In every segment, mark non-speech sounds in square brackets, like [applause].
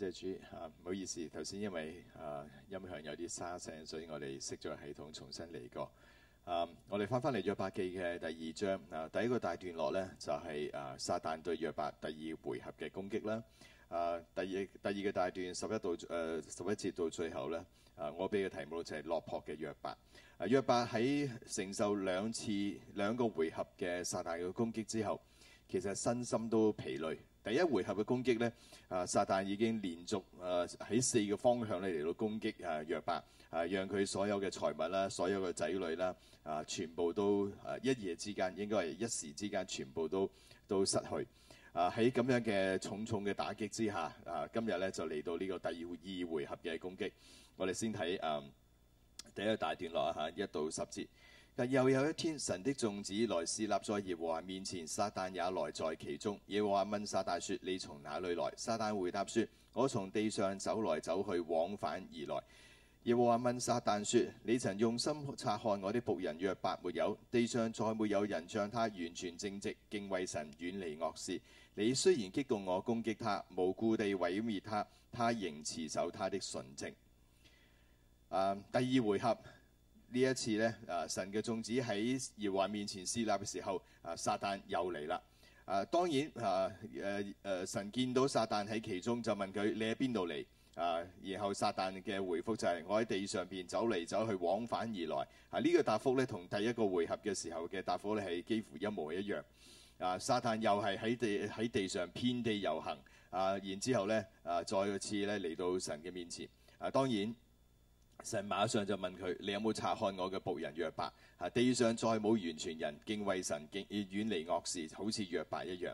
謝主嚇，唔好意思，頭先因為啊音響有啲沙聲，所以我哋熄咗系統，重新嚟過。啊，我哋翻返嚟約伯記嘅第二章啊，第一個大段落咧就係啊撒旦對約伯第二回合嘅攻擊啦。啊，第二第二個大段十一到誒十一節到最後咧，啊，我俾嘅題目就係落魄嘅約伯。啊，約伯喺承受兩次兩個回合嘅撒旦嘅攻擊之後，其實身心都疲累。第一回合嘅攻擊呢，啊撒旦已經連續啊喺四個方向呢嚟到攻擊啊約伯，啊，啊讓佢所有嘅財物啦、所有嘅仔女啦，啊全部都啊一夜之間應該係一時之間全部都都失去。啊喺咁樣嘅重重嘅打擊之下，啊今日呢就嚟到呢個第二二回合嘅攻擊。我哋先睇啊第一個大段落啊吓一到十節。又有一天，神的眾子來侍立在耶和華面前，撒旦也來在其中。耶和華問撒旦說：你從哪裏來？撒旦回答說：我從地上走來走去，往返而來。耶和華問撒旦說：你曾用心察看我的僕人約伯沒有？地上再沒有人像他完全正直，敬畏神，遠離惡事。你雖然激動我，攻擊他，無故地毀滅他，他仍持守他的純正。Uh, 第二回合。呢一次咧，啊神嘅眾子喺耶和華面前侍立嘅時候，啊撒旦又嚟啦。啊當然啊誒誒、啊、神見到撒旦喺其中，就問佢你喺邊度嚟啊？然後撒旦嘅回覆就係我喺地上邊走嚟走去，往返而來。啊呢、這個答覆呢，同第一個回合嘅時候嘅答覆呢，係幾乎一模一樣。啊撒旦又係喺地喺地上遍地遊行。啊然之後呢，啊再一次咧嚟到神嘅面前。啊當然。神馬上就問佢：你有冇察看我嘅僕人約伯？嚇地上再冇完全人，敬畏神，敬而遠離惡事，好似約伯一樣。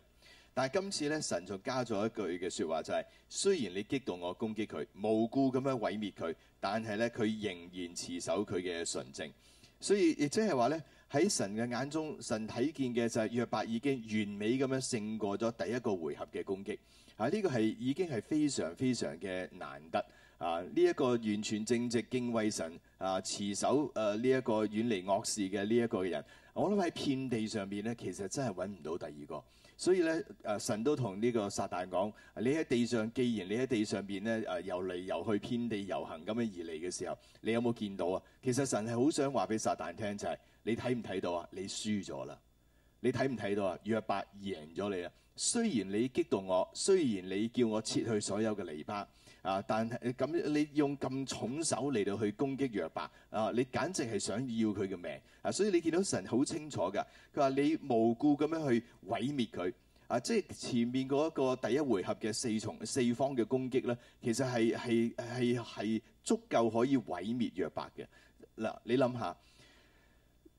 但係今次咧，神仲加咗一句嘅説話，就係：雖然你激動我攻擊佢，無故咁樣毀滅佢，但係咧佢仍然持守佢嘅純正。所以亦即係話咧，喺神嘅眼中，神睇見嘅就係約伯已經完美咁樣勝過咗第一個回合嘅攻擊。嚇，呢個係已經係非常非常嘅難得。啊！呢、這、一個完全正直敬畏神啊，持守誒呢一個遠離惡事嘅呢一個人，我諗喺遍地上邊呢，其實真係揾唔到第二個。所以呢，誒、啊、神都同呢個撒旦講、啊：你喺地上，既然你喺地上邊呢，誒遊嚟遊去，遍地遊行咁樣而嚟嘅時候，你有冇見到啊？其實神係好想話俾撒旦聽就係、是：你睇唔睇到啊？你輸咗啦！你睇唔睇到啊？約伯贏咗你啦！雖然你激動我，雖然你叫我撤去所有嘅籬笆。啊！但係你咁，你用咁重手嚟到去攻擊約伯啊！你簡直係想要佢嘅命啊！所以你見到神好清楚㗎，佢話你無故咁樣去毀滅佢啊！即係前面嗰一個第一回合嘅四重四方嘅攻擊咧，其實係係係係足夠可以毀滅約伯嘅嗱。你諗下，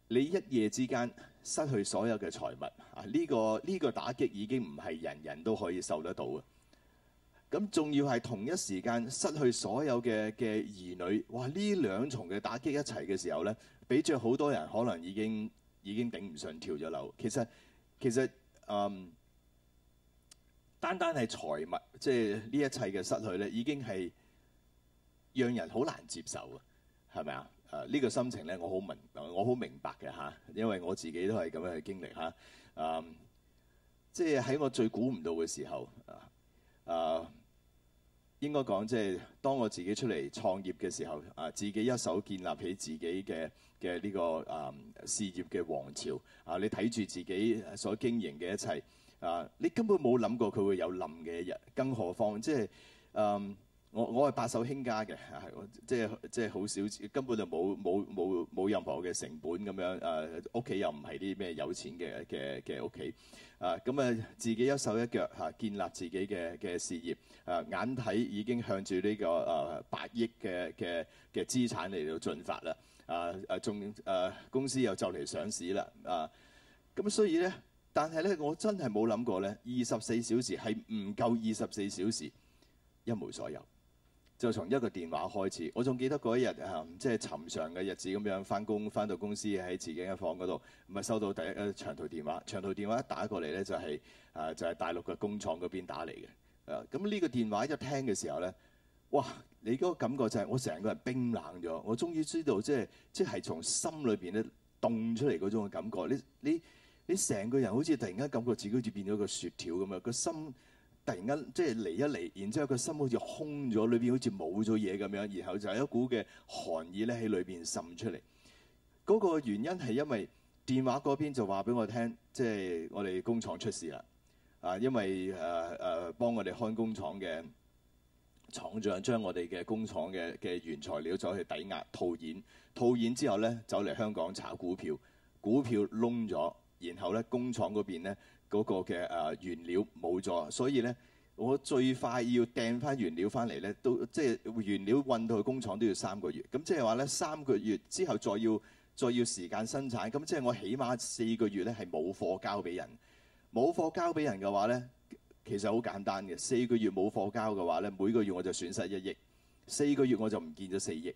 你一夜之間失去所有嘅財物啊！呢個呢個打擊已經唔係人人都可以受得到嘅。咁仲要係同一時間失去所有嘅嘅兒女，哇！呢兩重嘅打擊一齊嘅時候咧，俾著好多人可能已經已經頂唔上，跳咗樓。其實其實嗯，單單係財物，即係呢一切嘅失去咧，已經係讓人好難接受啊！係咪啊？誒、呃、呢、呢個心情咧，我好明我好明白嘅嚇，因為我自己都係咁樣嘅經歷嚇。嗯、啊，即係喺我最估唔到嘅時候啊啊！啊應該講即係當我自己出嚟創業嘅時候，啊自己一手建立起自己嘅嘅呢個啊、嗯、事業嘅王朝啊，你睇住自己所經營嘅一切，啊，你根本冇諗過佢會有冧嘅一日，更何況即係嗯。我我係白手興家嘅，係、啊、我即係即係好少，根本就冇冇冇冇任何嘅成本咁樣。誒屋企又唔係啲咩有錢嘅嘅嘅屋企。誒咁誒自己一手一腳嚇、啊、建立自己嘅嘅事業。誒、啊、眼睇已經向住呢、這個誒、啊、百億嘅嘅嘅資產嚟到進發啦。誒誒仲誒公司又就嚟上市啦。誒、啊、咁所以咧，但係咧我真係冇諗過咧，二十四小時係唔夠二十四小時，一無所有。就從一個電話開始，我仲記得嗰一日啊，即係尋常嘅日子咁樣翻工，翻到公司喺自己嘅房嗰度，咪收到第一一長途電話，長途電話一打過嚟咧就係啊就係大陸嘅工廠嗰邊打嚟嘅，啊咁呢個電話一聽嘅時候咧，哇！你嗰個感覺就係我成個人冰冷咗，我終於知道即係即係從心裏邊咧凍出嚟嗰種嘅感覺，你你你成個人好似突然間感覺自己好似變咗個雪條咁樣，個心。突然間即係嚟一嚟，然之後個心好似空咗，裏邊好似冇咗嘢咁樣，然後就有一股嘅寒意咧喺裏邊滲出嚟。嗰、那個原因係因為電話嗰邊就話俾我聽，即係我哋工廠出事啦。啊，因為誒誒、啊啊、幫我哋看工廠嘅廠長將我哋嘅工廠嘅嘅原材料走去抵押套現，套現之後咧走嚟香港炒股票，股票窿咗，然後咧工廠嗰邊咧。嗰個嘅誒原料冇咗，所以咧我最快要掟翻原料翻嚟咧，都即係原料運到去工廠都要三個月。咁即係話咧，三個月之後再要再要時間生產，咁即係我起碼四個月咧係冇貨交俾人。冇貨交俾人嘅話咧，其實好簡單嘅，四個月冇貨交嘅話咧，每個月我就損失一億，四個月我就唔見咗四億。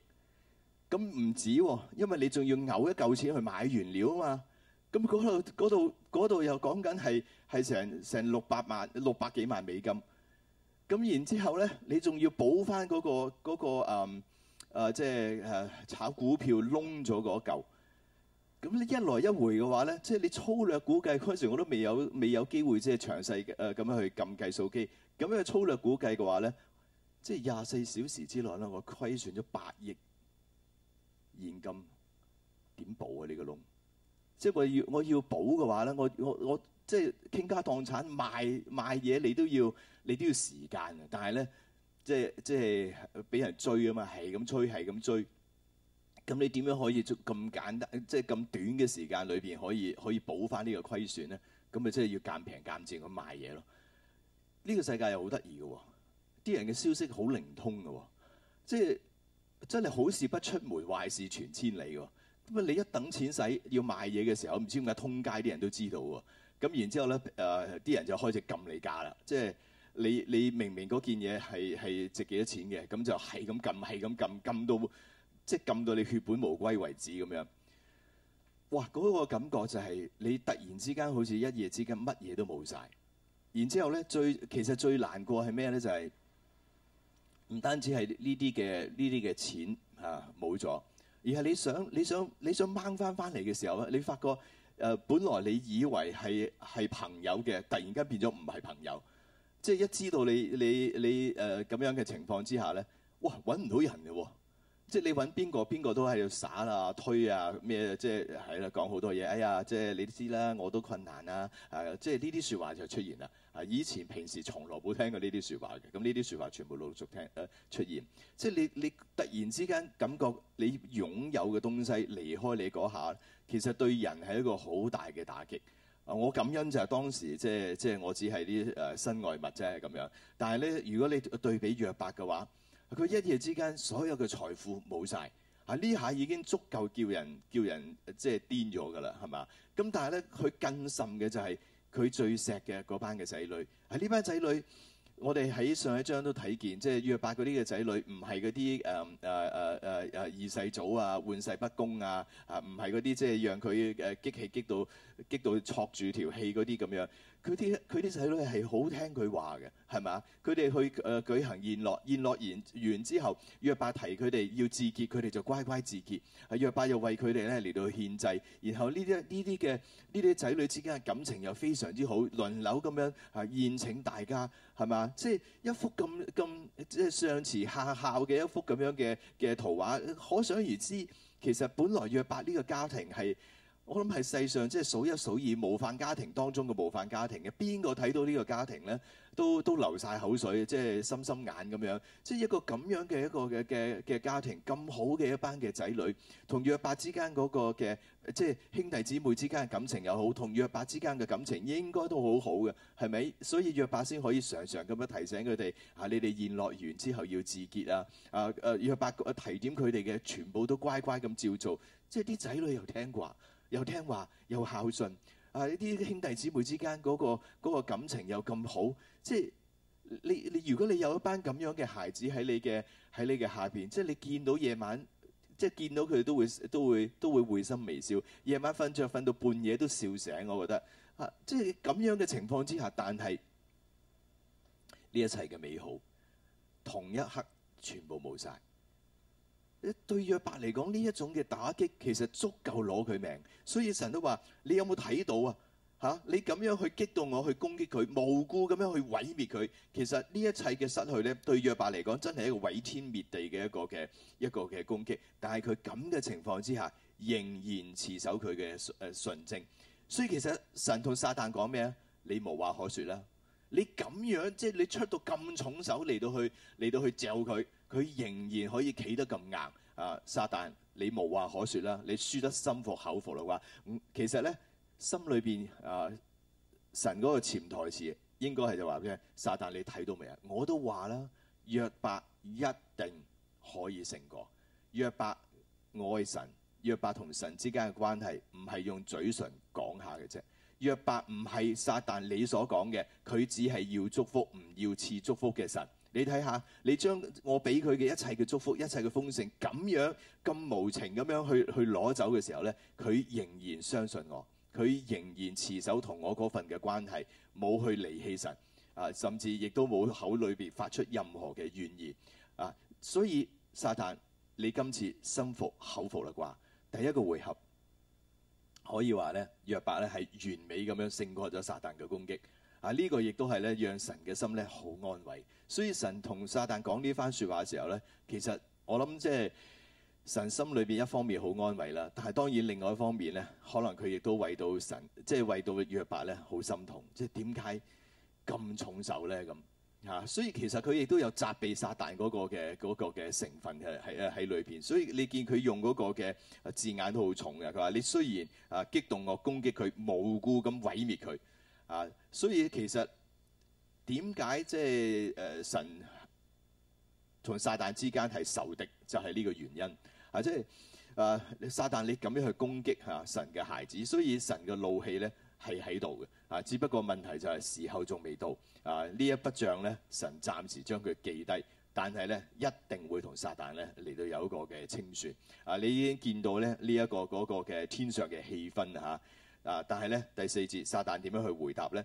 咁唔止喎、哦，因為你仲要嘔一嚿錢去買原料啊嘛。咁嗰度嗰度嗰度又講緊係係成成六百萬六百幾萬美金，咁然之後咧，你仲要補翻嗰個嗰個誒誒，即係誒炒股票窿咗嗰嚿，咁你一來一回嘅話咧，即係你粗略估計嗰陣時我都未有未有機會即係詳細誒咁樣去撳計數機，咁樣粗略估計嘅話咧，即係廿四小時之內咧，我虧損咗八億現金，點補啊？呢個窿？即係我要我要補嘅話咧，我我我即係傾家蕩產賣賣嘢，你都要你都要時間嘅。但係咧，即係即係俾人追啊嘛，係咁催，係咁追。咁你點樣可以咁簡單？即係咁短嘅時間裏邊可以可以補翻呢個虧損咧？咁咪即係要揀平揀正咁賣嘢咯？呢個世界又好得意嘅，啲人嘅消息好靈通嘅，即係真係好事不出門，壞事傳千里嘅。乜你一等錢使要賣嘢嘅時候，唔知點解通街啲人都知道喎。咁然之後咧，誒、呃、啲人就開始撳你價啦。即係你你明明嗰件嘢係係值幾多錢嘅，咁就係咁撳，係咁撳撳到即係撳到你血本無歸為止咁樣。哇！嗰、那個感覺就係你突然之間好似一夜之間乜嘢都冇晒。然之後咧，最其實最難過係咩咧？就係、是、唔單止係呢啲嘅呢啲嘅錢啊冇咗。啊而係你想你想你想掹翻翻嚟嘅時候咧，你發覺誒、呃，本來你以為係係朋友嘅，突然間變咗唔係朋友。即係一知道你你你誒咁、呃、樣嘅情況之下咧，哇！揾唔到人嘅喎、哦，即係你揾邊個邊個都喺度耍啊、推啊、咩？即係係啦，講好多嘢。哎呀，即係你都知啦，我都困難啦、啊。誒、呃，即係呢啲説話就出現啦。啊！以前平時從來冇聽過呢啲説話嘅，咁呢啲説話全部陸續聽誒、呃、出現，即係你你突然之間感覺你擁有嘅東西離開你嗰下，其實對人係一個好大嘅打擊。啊、呃！我感恩就係當時即係即係我只係啲誒身外物啫咁樣。但係咧，如果你對比約伯嘅話，佢一夜之間所有嘅財富冇晒，啊呢下已經足夠叫人叫人即係癲咗㗎啦，係嘛？咁但係咧，佢更甚嘅就係、是。佢最錫嘅嗰班嘅仔女，係、啊、呢班仔女，我哋喺上一章都睇見，即係約伯嗰啲嘅仔女，唔係嗰啲誒誒誒誒二世祖啊，玩世不恭啊，啊唔係嗰啲即係讓佢、啊、激氣激到。激到戳住條氣嗰啲咁樣，佢啲佢啲仔女係好聽佢話嘅，係咪啊？佢哋去誒、呃、舉行宴樂，宴樂完完之後，約伯提佢哋要自潔，佢哋就乖乖自潔。啊、約伯又為佢哋咧嚟到獻祭，然後呢啲呢啲嘅呢啲仔女之間嘅感情又非常之好，輪流咁樣啊宴請大家，係咪啊？即係一幅咁咁即係上慈下孝嘅一幅咁樣嘅嘅圖畫，可想而知，其實本來約伯呢個家庭係。我諗係世上即係數一數二模範家庭當中嘅模範家庭嘅，邊個睇到呢個家庭呢都都流曬口水，即係心心眼咁樣。即係一個咁樣嘅一個嘅嘅嘅家庭，咁好嘅一班嘅仔女，同約伯之間嗰個嘅即係兄弟姊妹之間嘅感情又好，同約伯之間嘅感情應該都好好嘅，係咪？所以約伯先可以常常咁樣提醒佢哋嚇，你哋宴樂完之後要自潔啊啊！誒約伯提點佢哋嘅全部都乖乖咁照做，即係啲仔女又聽話。又聽話又孝順啊！呢啲兄弟姊妹之間嗰個嗰個感情又咁好，即係你你如果你有一班咁樣嘅孩子喺你嘅喺你嘅下邊，即係你見到夜晚即係見到佢哋都會都會都會會心微笑，夜晚瞓着瞓到半夜都笑醒，我覺得啊，即係咁樣嘅情況之下，但係呢一切嘅美好同一刻全部冇晒。對約伯嚟講，呢一種嘅打擊其實足夠攞佢命，所以神都話：你有冇睇到啊？嚇、啊，你咁樣去激動我去攻擊佢，無故咁樣去毀滅佢，其實呢一切嘅失去咧，對約伯嚟講真係一個毀天滅地嘅一個嘅一個嘅攻擊。但係佢咁嘅情況之下，仍然持守佢嘅誒純正，所以其實神同撒旦講咩咧？你無話可説啦。你咁樣即係你出到咁重手嚟到去嚟到去嚼佢，佢仍然可以企得咁硬啊！撒旦，你無話可説啦，你輸得心服口服啦啩？其實咧，心裏邊啊，神嗰個潛台詞應該係就話嘅：撒旦，你睇到未啊？我都話啦，約伯一定可以勝過約伯愛神，約伯同神之間嘅關係唔係用嘴唇講下嘅啫。約伯唔係撒旦你所講嘅，佢只係要祝福，唔要賜祝福嘅神。你睇下，你將我俾佢嘅一切嘅祝福、一切嘅豐盛，咁樣咁無情咁樣去去攞走嘅時候呢，佢仍然相信我，佢仍然持守同我嗰份嘅關係，冇去離棄神啊，甚至亦都冇口裏邊發出任何嘅怨言啊。所以撒旦，你今次心服口服啦啩？第一個回合。可以話咧，約伯咧係完美咁樣勝過咗撒旦嘅攻擊啊，呢個亦都係咧，讓神嘅心咧好安慰。所以神同撒旦講呢番說話嘅時候咧，其實我諗即係神心裏邊一方面好安慰啦，但係當然另外一方面咧，可能佢亦都為到神，即係為到約伯咧好心痛。即係點解咁重手咧咁？嚇！所以其實佢亦都有責備撒旦嗰個嘅嗰嘅成分嘅喺喺裏邊，所以你見佢用嗰個嘅字眼都好重嘅。佢話你雖然啊，激動我攻擊佢，無故咁毀滅佢啊，所以其實點解即係誒神同撒旦之間係仇敵，就係呢個原因。啊，即係誒撒旦你咁樣去攻擊嚇、啊、神嘅孩子，所以神嘅怒氣咧。係喺度嘅，啊，只不過問題就係時候仲未到，啊，呢一筆帳呢，神暫時將佢記低，但係呢，一定會同撒旦呢嚟到有一個嘅清算，啊，你已經見到咧呢一、這個嗰、這個嘅、這個、天上嘅氣氛嚇，啊，但係呢，第四節撒旦點樣去回答呢？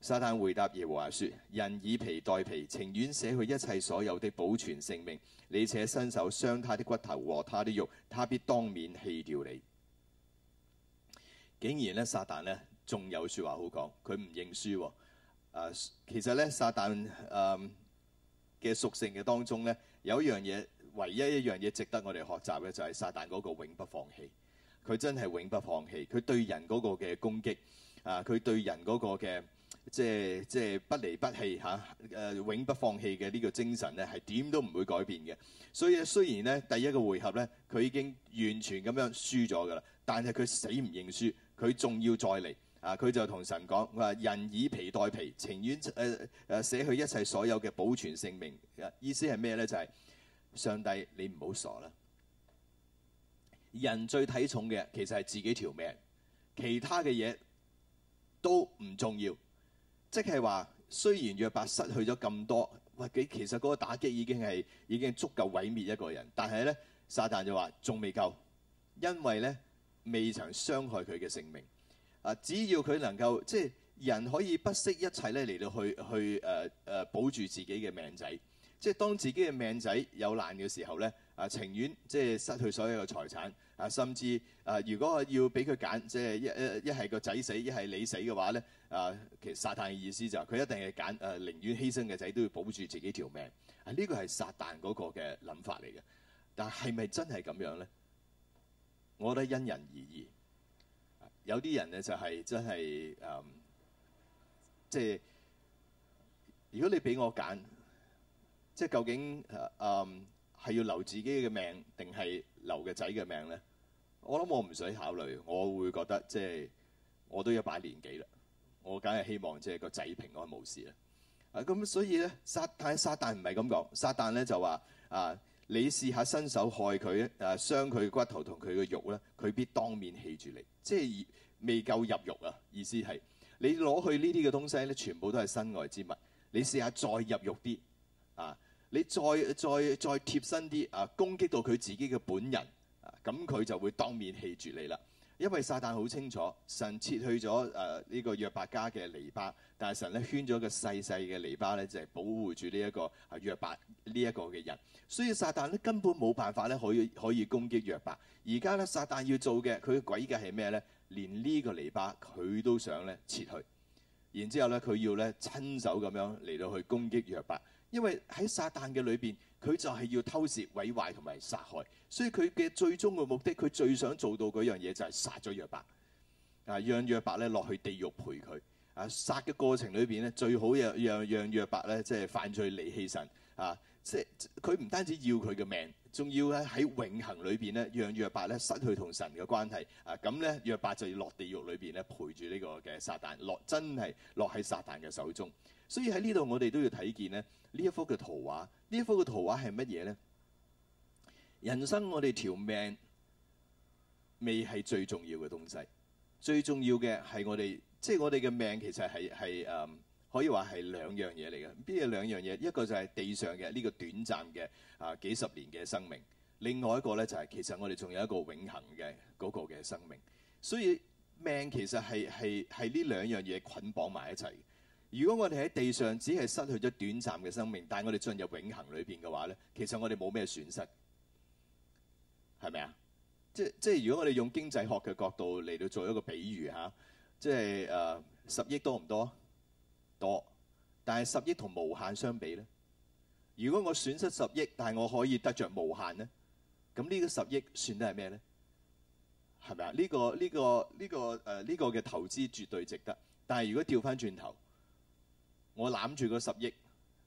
撒旦回答耶和華、啊、説：人以皮代皮，情願捨去一切所有的，保存性命。你且伸手傷他的骨頭和他的肉，他必當面棄掉你。竟然呢，撒旦呢。仲有説話好講，佢唔認輸喎、哦。其實咧，撒旦誒嘅、嗯、屬性嘅當中咧，有一樣嘢，唯一一樣嘢值得我哋學習嘅就係、是、撒旦嗰個永不放棄。佢真係永不放棄。佢對人嗰個嘅攻擊，啊，佢對人嗰個嘅即係即係不離不棄嚇，誒、啊、永不放棄嘅呢個精神咧，係點都唔會改變嘅。所以雖然咧第一個回合咧，佢已經完全咁樣輸咗㗎啦，但係佢死唔認輸，佢仲要再嚟。啊！佢就同神講，佢話人以皮代皮，情願誒誒捨去一切所有嘅保全性命。意思係咩咧？就係、是、上帝，你唔好傻啦！人最睇重嘅其實係自己條命，其他嘅嘢都唔重要。即係話，雖然約伯失去咗咁多，喂，其實嗰個打擊已經係已經足夠毀滅一個人。但係咧，撒旦就話仲未夠，因為咧未曾傷害佢嘅性命。啊！只要佢能夠，即係人可以不惜一切咧嚟到去去誒誒保住自己嘅命仔，即係當自己嘅命仔有難嘅時候咧，啊情願即係失去所有嘅財產，啊甚至誒如果要俾佢揀，即係一一一係個仔死，一係你死嘅話咧，誒其實撒但嘅意思就係佢一定係揀誒，寧願犧牲嘅仔都要保住自己條命，啊呢個係撒但嗰個嘅諗法嚟嘅，但係咪真係咁樣咧？我覺得因人而異。有啲人咧就係、是、真係誒、嗯，即係如果你俾我揀，即係究竟誒係、嗯、要留自己嘅命定係留個仔嘅命咧？我諗我唔使考慮，我會覺得即係我都一把年紀啦，我梗係希望即係個仔平安冇事啦。啊咁，所以咧撒旦撒旦唔係咁講，撒旦咧就話啊。你試下伸手害佢，誒、啊、傷佢嘅骨頭同佢嘅肉咧，佢必當面棄住你。即係未夠入肉啊！意思係你攞去呢啲嘅東西咧，全部都係身外之物。你試下再入肉啲，啊，你再再再貼身啲，啊，攻擊到佢自己嘅本人，啊，咁佢就會當面棄住你啦。因為撒旦好清楚，神撤去咗誒呢個約伯家嘅籬笆，但係神咧圈咗一個細細嘅籬笆咧，就係、是、保護住呢一個係約伯呢一個嘅人。所以撒旦咧根本冇辦法咧可以可以攻擊約伯。而家咧撒旦要做嘅，佢嘅詭計係咩咧？連呢個籬笆佢都想咧撤去，然之後咧佢要咧親手咁樣嚟到去攻擊約伯，因為喺撒旦嘅裏邊。佢就係要偷竊、毀壞同埋殺害，所以佢嘅最終嘅目的，佢最想做到嗰樣嘢就係殺咗約伯，啊，讓約伯咧落去地獄陪佢。啊，殺嘅過程裏邊咧，最好又讓讓約伯咧即係犯罪離棄神。啊，即係佢唔單止要佢嘅命，仲要咧喺永恆裏邊咧，讓約伯咧失去同神嘅關係。啊，咁咧約伯就要落地獄裏邊咧陪住呢個嘅撒旦，落真係落喺撒旦嘅手中。所以喺呢度我哋都要睇見咧。呢一幅嘅圖畫，呢一幅嘅圖畫係乜嘢咧？人生我哋條命未係最重要嘅東西，最重要嘅係我哋，即係我哋嘅命其實係係誒，可以話係兩樣嘢嚟嘅。邊有兩樣嘢？一個就係地上嘅呢個短暫嘅啊幾十年嘅生命，另外一個咧就係其實我哋仲有一個永恆嘅嗰個嘅生命。所以命其實係係係呢兩樣嘢捆綁埋一齊。如果我哋喺地上只係失去咗短暫嘅生命，但係我哋進入永恒裏邊嘅話咧，其實我哋冇咩損失，係咪啊？即即如果我哋用經濟學嘅角度嚟到做一個比喻吓、啊，即係誒、呃、十億多唔多？多，但係十億同無限相比咧，如果我損失十億，但係我可以得着無限咧，咁呢個十億算得係咩咧？係咪啊？呢、呢個呢、呢個呢、呢個誒呢、呃呢個嘅投資絕對值得，但係如果調翻轉頭。我攬住個十億，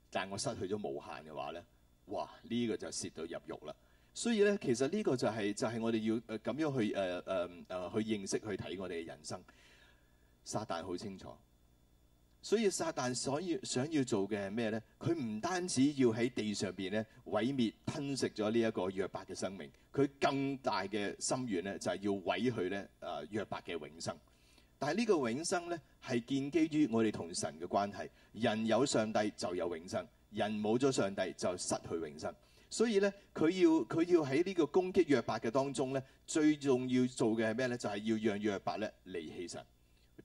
但係我失去咗無限嘅話咧，哇！呢個就蝕到入獄啦。所以咧，其實呢個就係就係我哋要咁樣去誒誒誒去認識去睇我哋嘅人生。撒但好清楚，所以撒但所以想要做嘅係咩咧？佢唔單止要喺地上邊咧毀滅吞食咗呢一個約伯嘅生命，佢更大嘅心願咧就係要毀去咧誒約伯嘅永生。但係呢個永生咧，係建基於我哋同神嘅關係。人有上帝就有永生，人冇咗上帝就失去永生。所以咧，佢要佢要喺呢個攻擊約伯嘅當中咧，最重要做嘅係咩咧？就係、是、要讓約伯咧離棄神，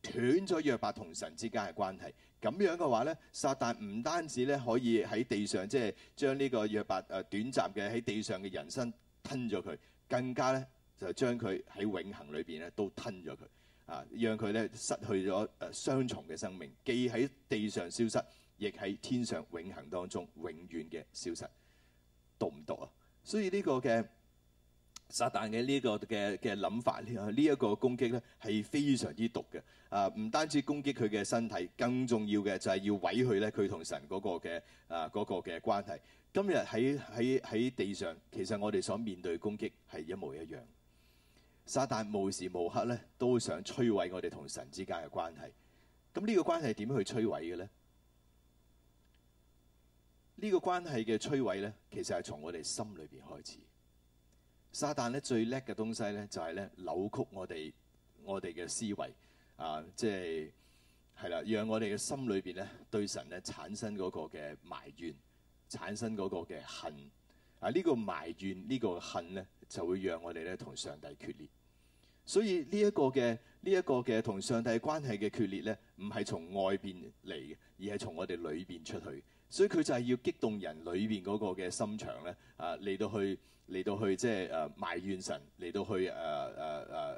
斷咗約伯同神之間嘅關係。咁樣嘅話咧，撒旦唔單止咧可以喺地上即係、就是、將呢個約伯誒短暫嘅喺地上嘅人生吞咗佢，更加咧就將佢喺永恆裏邊咧都吞咗佢。啊，讓佢咧失去咗誒雙重嘅生命，既喺地上消失，亦喺天上永恆當中永遠嘅消失，毒唔毒啊？所以呢個嘅撒但嘅呢個嘅嘅諗法呢，呢一個攻擊咧係非常之毒嘅。啊，唔單止攻擊佢嘅身體，更重要嘅就係要毀去咧佢同神嗰個嘅啊嗰個嘅關係。今日喺喺喺地上，其實我哋所面對嘅攻擊係一模一樣。撒旦無時無刻咧都想摧毀我哋同神之間嘅關係。咁呢個關係點去摧毀嘅咧？呢、這個關係嘅摧毀咧，其實係從我哋心裏邊開始。撒旦咧最叻嘅東西咧就係、是、咧扭曲我哋我哋嘅思維啊，即係係啦，讓我哋嘅心裏邊咧對神咧產生嗰個嘅埋怨，產生嗰個嘅恨啊。呢、這個埋怨、這個、呢個恨咧就會讓我哋咧同上帝決裂。所以呢一個嘅呢一個嘅同上帝關係嘅決裂咧，唔係從外邊嚟嘅，而係從我哋裏邊出去嘅。所以佢就係要激動人裏邊嗰個嘅心腸咧，啊嚟到去嚟到去即係誒埋怨神，嚟到去誒誒誒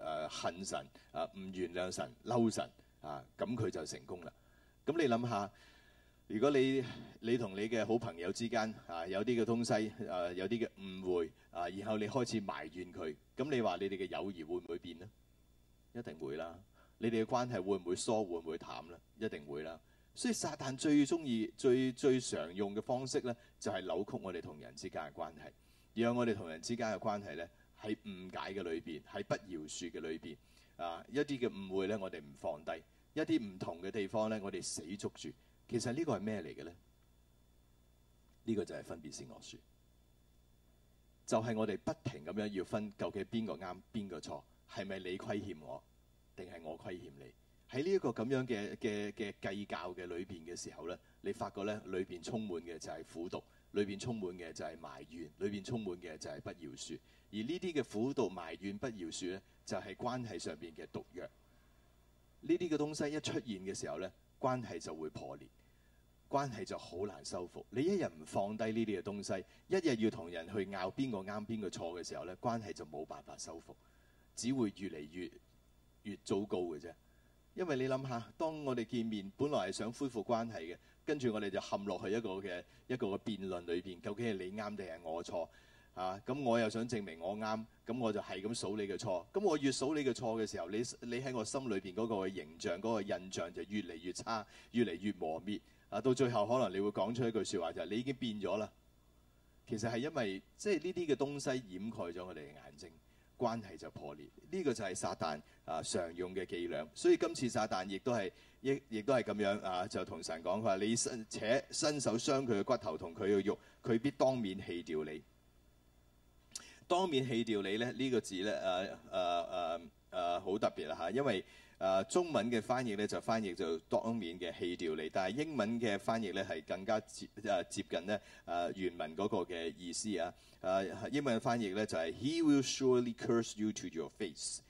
誒恨神，啊唔原諒神，嬲神啊，咁佢就成功啦。咁你諗下。如果你你同你嘅好朋友之間啊有啲嘅東西啊有啲嘅誤會啊，然後你開始埋怨佢，咁你話你哋嘅友誼會唔會變咧？一定會啦。你哋嘅關係會唔會疏會唔會淡咧？一定會啦。所以撒但最中意最最常用嘅方式咧，就係扭曲我哋同人之間嘅關係，讓我哋同人之間嘅關係咧喺誤解嘅裏邊，喺不饒恕嘅裏邊啊，一啲嘅誤會咧我哋唔放低，一啲唔同嘅地方咧我哋死捉住。其實呢個係咩嚟嘅呢？呢、呢個就係分別善惡樹，就係、是、我哋不停咁樣要分究竟邊個啱邊個錯，係咪你虧欠我，定係我虧欠你？喺呢一個咁樣嘅嘅嘅計較嘅裏邊嘅時候咧，你發覺咧裏邊充滿嘅就係苦毒，裏邊充滿嘅就係埋怨，裏邊充滿嘅就係不饒恕。而呢啲嘅苦毒、埋怨、不饒恕咧，就係、是、關係上邊嘅毒藥。呢啲嘅東西一出現嘅時候咧，關係就會破裂，關係就好難修復。你一日唔放低呢啲嘅東西，一日要同人去拗邊個啱邊個錯嘅時候咧，關係就冇辦法修復，只會越嚟越越糟糕嘅啫。因為你諗下，當我哋見面，本來係想恢復關係嘅，跟住我哋就陷落去一個嘅一個嘅辯論裏邊，究竟係你啱定係我錯？啊！咁我又想證明我啱，咁我就係咁數你嘅錯。咁我越數你嘅錯嘅時候，你你喺我心裏邊嗰個形象、嗰、嗰個印象就越嚟越差，越嚟越磨滅。啊，到最後可能你會講出一句説話、就係，就係你已經變咗啦。其實係因為即係呢啲嘅東西掩蓋咗我哋嘅眼睛，關係就破裂。呢、呢個就係撒旦啊常用嘅伎倆。所以今次撒旦亦都係亦都係咁樣啊，就同神講：佢話你伸且伸手傷佢嘅骨頭同佢嘅肉，佢必當面棄掉你。當面棄掉你咧，呢、呢個字咧，誒誒誒誒好特別啦嚇、啊，因為誒、啊、中文嘅翻譯咧，就翻譯就當面嘅棄掉你，但係英文嘅翻譯咧，係更加接誒接近咧，誒、啊、原文嗰個嘅意思啊誒、啊、英文嘅翻譯咧，就係、是、He will surely curse you to your face.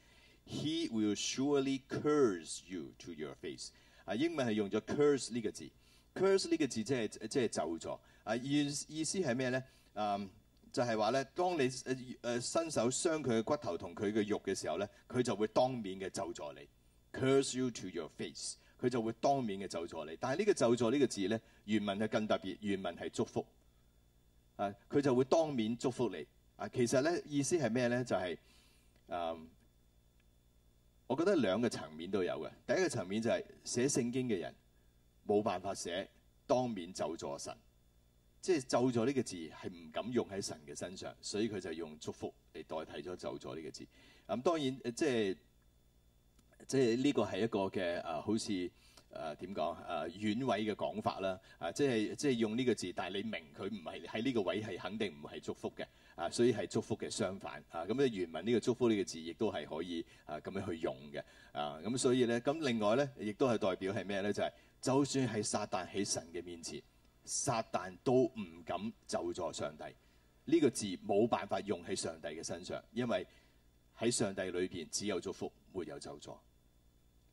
He will surely curse you to your face. 啊英文係用咗 curse 呢個字，curse [coughs] 呢個字即係即係咒詛啊意意思係咩咧？嗯、啊。就係話咧，當你誒誒、呃呃、伸手傷佢嘅骨頭同佢嘅肉嘅時候咧，佢就會當面嘅咒詛你，curse you to your face。佢就會當面嘅咒詛你。但係呢、這個咒詛呢、這個字咧，原文係更特別，原文係祝福啊，佢就會當面祝福你。啊，其實咧意思係咩咧？就係、是、誒、嗯、我覺得兩個層面都有嘅。第一個層面就係寫聖經嘅人冇辦法寫當面咒詛神。即係咒咗呢個字係唔敢用喺神嘅身上，所以佢就用祝福嚟代替咗咒咗呢個字。咁、嗯、當然，即係即係呢個係一個嘅誒、呃，好似誒點講誒軟位嘅講法啦。誒、啊、即係即係用呢個字，但係你明佢唔係喺呢個位係肯定唔係祝福嘅。啊，所以係祝福嘅相反。啊，咁、嗯、咧原文呢個祝福呢個字亦都係可以啊咁樣去用嘅。啊，咁、嗯、所以咧，咁另外咧亦都係代表係咩咧？就係、是、就算係撒但喺神嘅面前。撒旦都唔敢咒詛上帝呢個字，冇辦法用喺上帝嘅身上，因為喺上帝裏邊只有祝福，沒有咒詛。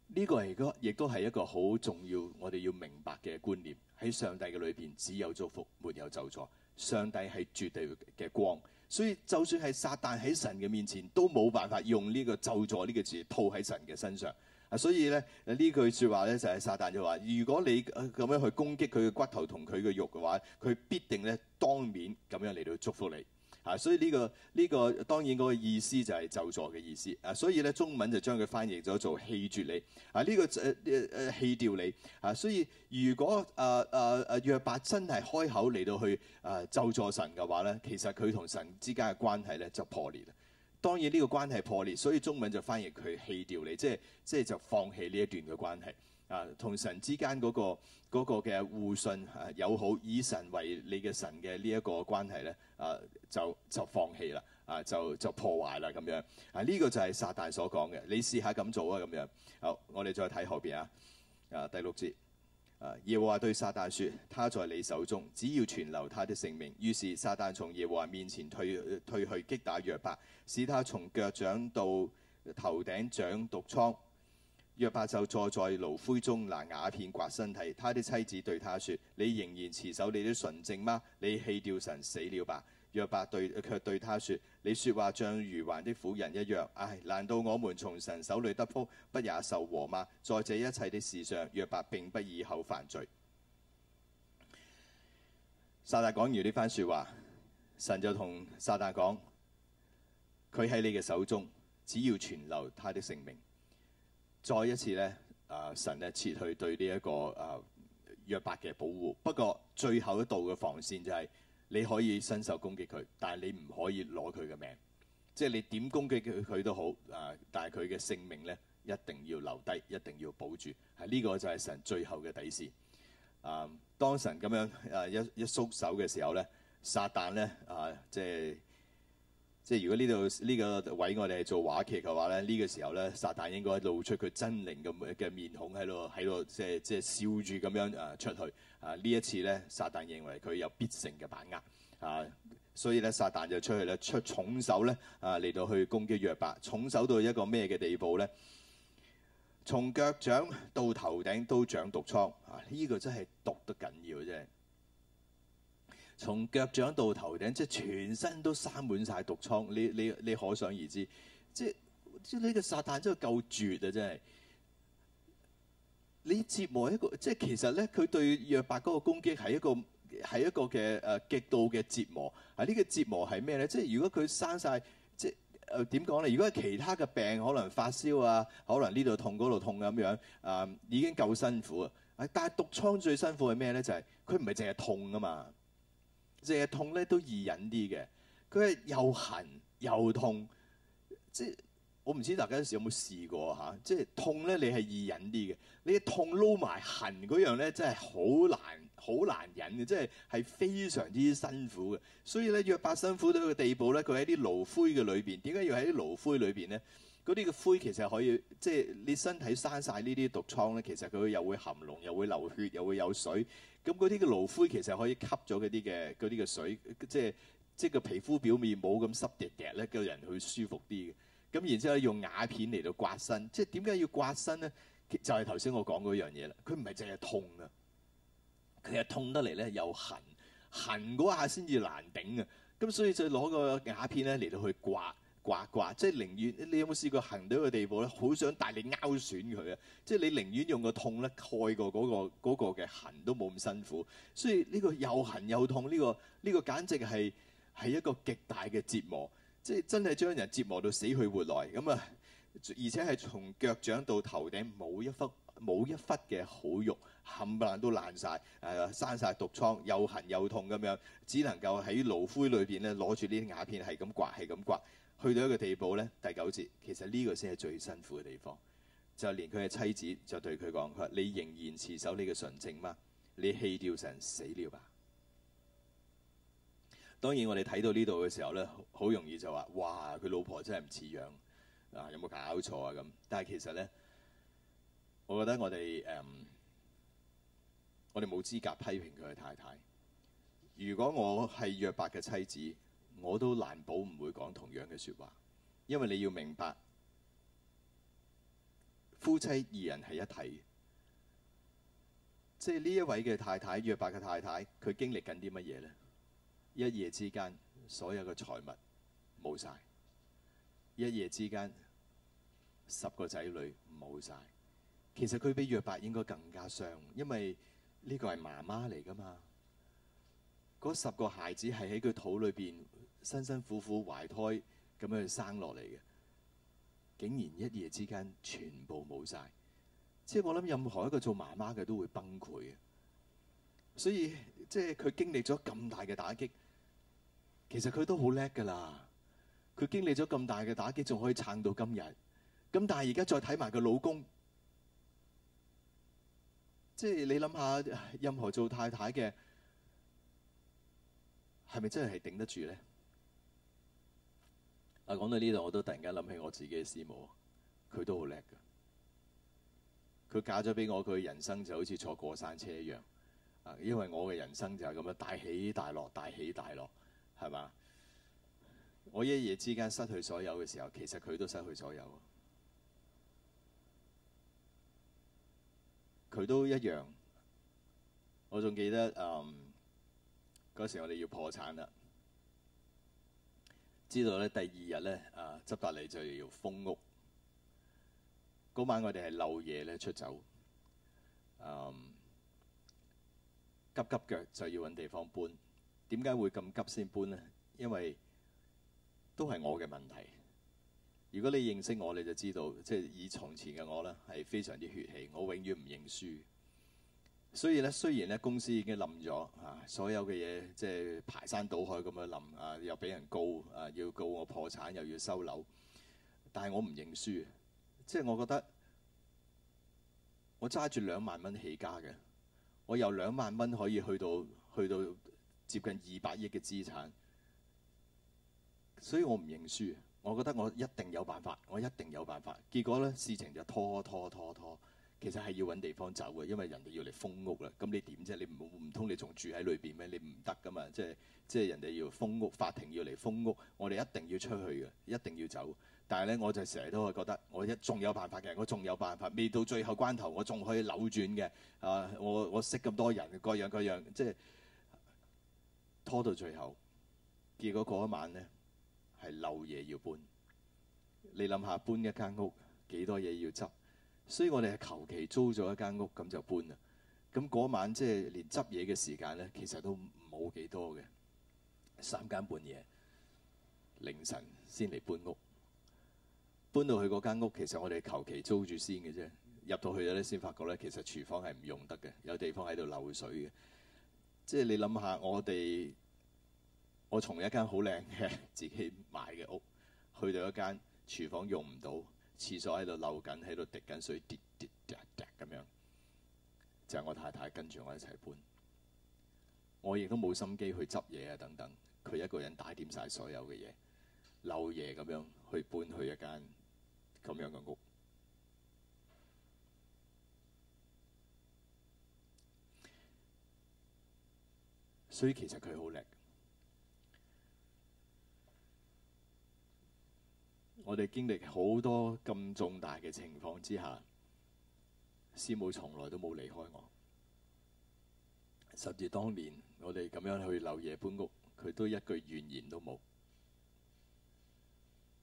呢個係亦都係一個好重要，我哋要明白嘅觀念。喺上帝嘅裏邊只有祝福，沒有咒詛，上帝係絕對嘅光，所以就算係撒旦喺神嘅面前，都冇辦法用呢個咒詛呢個字套喺神嘅身上。啊，所以咧呢句説話咧就係撒旦就話：如果你咁、啊、樣去攻擊佢嘅骨頭同佢嘅肉嘅話，佢必定咧當面咁樣嚟到祝福你。啊，所以呢、這個呢、這個當然嗰個意思就係咒詛嘅意思。啊，所以咧中文就將佢翻譯咗做棄絕你。啊，呢、這個誒誒誒棄掉你。啊，所以如果啊啊啊約伯真係開口嚟到去啊咒詛神嘅話咧，其實佢同神之間嘅關係咧就破裂啦。當然呢個關係破裂，所以中文就翻譯佢棄掉你，即係即係就放棄呢一段嘅關係啊，同神之間嗰個、嗰個嘅互信、啊、友好，以神為你嘅神嘅呢一個關係咧啊，就就放棄啦啊，就就破壞啦咁樣啊，呢個就係撒旦所講嘅，你試下咁做啊咁樣。好，我哋再睇後邊啊，啊第六節。耶和華對撒旦說：他在你手中，只要存留他的性命。於是撒旦從耶和華面前退退去，擊打約伯，使他從腳掌到頭頂長毒瘡。約伯就坐在爐灰中拿瓦片刮身體。他的妻子對他說：你仍然持守你的純正嗎？你棄掉神死了吧！約伯對卻對他說：你說話像愚頑的婦人一樣。唉、哎，難道我們從神手裏得福，不也受禍嗎？在這一切的事上，約伯並不以口犯罪。撒但講完呢番說話，神就同撒但講：佢喺你嘅手中，只要存留他的性命。再一次呢啊、呃、神呢撤去對呢、這、一個啊約伯嘅保護。不過最後一道嘅防線就係、是。你可以伸手攻擊佢，但係你唔可以攞佢嘅命，即係你點攻擊佢佢都好啊、呃！但係佢嘅性命咧，一定要留低，一定要保住。係、這、呢個就係神最後嘅底線啊、呃！當神咁樣啊、呃、一一縮手嘅時候咧，撒旦咧啊、呃，即係。即係如果呢度呢個位我哋係做話劇嘅話咧，呢個時候咧，撒旦應該露出佢猙獰嘅嘅面孔喺度，喺度即係即係笑住咁樣啊出去啊！呢一次咧，撒旦認為佢有必勝嘅把握，啊，所以咧撒旦就出去咧出重手咧啊嚟到去攻擊約伯，重手到一個咩嘅地步咧？從腳掌到頭頂都長毒瘡啊！呢個真係毒得緊要啫～從腳掌到頭頂，即係全身都生滿晒毒瘡。你你你，你可想而知，即係呢、呢個撒旦真係夠絕啊！真係你折磨一個，即係其實咧，佢對約伯嗰個攻擊係一個係一個嘅誒極度嘅折磨。啊，呢、呢個折磨係咩咧？即係如果佢生晒，即係誒點講咧？如果係、呃、其他嘅病，可能發燒啊，可能呢度痛嗰度痛咁樣啊，已經夠辛苦啊。但係毒瘡最辛苦係咩咧？就係佢唔係淨係痛啊嘛。淨係痛咧都易忍啲嘅，佢係又痕又痛，即係我唔知大家有冇試過嚇？即係痛咧你係易忍啲嘅，你一你痛撈埋痕嗰樣咧真係好難好難忍嘅，即係係非常之辛苦嘅，所以咧約伯辛苦到個地步咧，佢喺啲爐灰嘅裏邊，點解要喺啲爐灰裏邊咧？嗰啲嘅灰其實可以，即係你身體生晒呢啲毒瘡咧，其實佢又會含膿，又會流血，又會有水。咁嗰啲嘅爐灰其實可以吸咗嗰啲嘅啲嘅水，即係即係個皮膚表面冇咁濕滴滴咧，個人會舒服啲嘅。咁然之後用瓦片嚟到刮身，即係點解要刮身咧？就係頭先我講嗰樣嘢啦。佢唔係淨係痛啊，佢係痛得嚟咧又痕，痕嗰下先至難頂啊。咁所以就攞個瓦片咧嚟到去刮。刮刮，即係寧願你有冇試過行到一個地步咧，好想大力拗損佢啊！即係你寧願用個痛咧蓋過嗰、嗰個嘅痕、嗰個、都冇咁辛苦，所以呢個又痕又痛，呢、呢個呢、呢個簡直係係一個極大嘅折磨，即係真係將人折磨到死去活來咁啊！而且係從腳掌到頭頂冇一忽冇一忽嘅好肉，冚唪唥都爛晒，誒生晒毒瘡，又痕又痛咁樣，只能夠喺爐灰裏邊咧攞住啲瓦片係咁刮，係咁刮。去到一個地步咧，第九節其實呢個先係最辛苦嘅地方，就連佢嘅妻子就對佢講：佢話你仍然持守你嘅純正嗎？你棄掉神死了吧！當然我哋睇到呢度嘅時候咧，好容易就話：哇！佢老婆真係唔似樣啊！有冇搞錯啊？咁但係其實咧，我覺得我哋誒、um, 我哋冇資格批評佢嘅太太。如果我係約伯嘅妻子。我都難保唔會講同樣嘅説話，因為你要明白夫妻二人係一體。即係呢一位嘅太太，約伯嘅太太，佢經歷緊啲乜嘢呢？一夜之間，所有嘅財物冇晒；一夜之間，十個仔女冇晒。其實佢比約伯應該更加傷，因為呢個係媽媽嚟㗎嘛。嗰十個孩子係喺佢肚裏邊。辛辛苦苦懷胎咁樣生落嚟嘅，竟然一夜之間全部冇晒。即係我諗任何一個做媽媽嘅都會崩潰嘅。所以即係佢經歷咗咁大嘅打擊，其實佢都好叻㗎啦。佢經歷咗咁大嘅打擊，仲可以撐到今日。咁但係而家再睇埋個老公，即係你諗下，任何做太太嘅係咪真係係頂得住咧？啊，講到呢度，我都突然間諗起我自己嘅師母，佢都好叻㗎。佢嫁咗俾我，佢人生就好似坐過山車一樣。因為我嘅人生就係咁樣，大起大落，大起大落，係嘛？我一夜之間失去所有嘅時候，其實佢都失去所有。佢都一樣。我仲記得，嗯，嗰時我哋要破產啦。知道咧，第二日咧，啊，執達吏就要封屋。嗰晚我哋係漏夜咧出走，嗯，急急腳就要揾地方搬。點解會咁急先搬呢？因為都係我嘅問題。如果你認識我，你就知道，即係以從前嘅我咧，係非常之血氣，我永遠唔認輸。所以咧，雖然咧，公司已經冧咗啊，所有嘅嘢即係排山倒海咁樣冧啊，又俾人告啊，要告我破產，又要收樓，但係我唔認輸，即係我覺得我揸住兩萬蚊起家嘅，我由兩萬蚊可以去到去到接近二百億嘅資產，所以我唔認輸，我覺得我一定有辦法，我一定有辦法。結果咧，事情就拖拖拖拖拖。其實係要揾地方走嘅，因為人哋要嚟封屋啦。咁你點啫？你唔唔通你仲住喺裏邊咩？你唔得噶嘛！即係即係人哋要封屋，法庭要嚟封屋，我哋一定要出去嘅，一定要走。但係咧，我就成日都係覺得，我一仲有辦法嘅，我仲有辦法，未到最後關頭，我仲可以扭轉嘅。啊，我我識咁多人，各樣各樣，各樣即係拖到最後，結果嗰一晚咧係漏夜要搬。你諗下，搬一間屋幾多嘢要執？所以我哋係求其租咗一間屋，咁就搬啦。咁嗰晚即係連執嘢嘅時間咧，其實都冇幾多嘅。三更半夜凌晨先嚟搬屋，搬到去嗰間屋，其實我哋求其租住先嘅啫。入到去咗咧，先發覺咧，其實廚房係唔用得嘅，有地方喺度漏水嘅。即係你諗下，我哋我從一間好靚嘅自己買嘅屋，去到一間廚房用唔到。廁所喺度漏緊，喺度滴緊水，滴滴嗒嗒咁樣，就係我太太跟住我一齊搬，我亦都冇心機去執嘢啊等等，佢一個人打掂晒所有嘅嘢，漏夜咁樣去搬去一間咁樣嘅屋，所以其實佢好叻。我哋經歷好多咁重大嘅情況之下，師母從來都冇離開我。甚至當年，我哋咁樣去漏夜搬屋，佢都一句怨言都冇，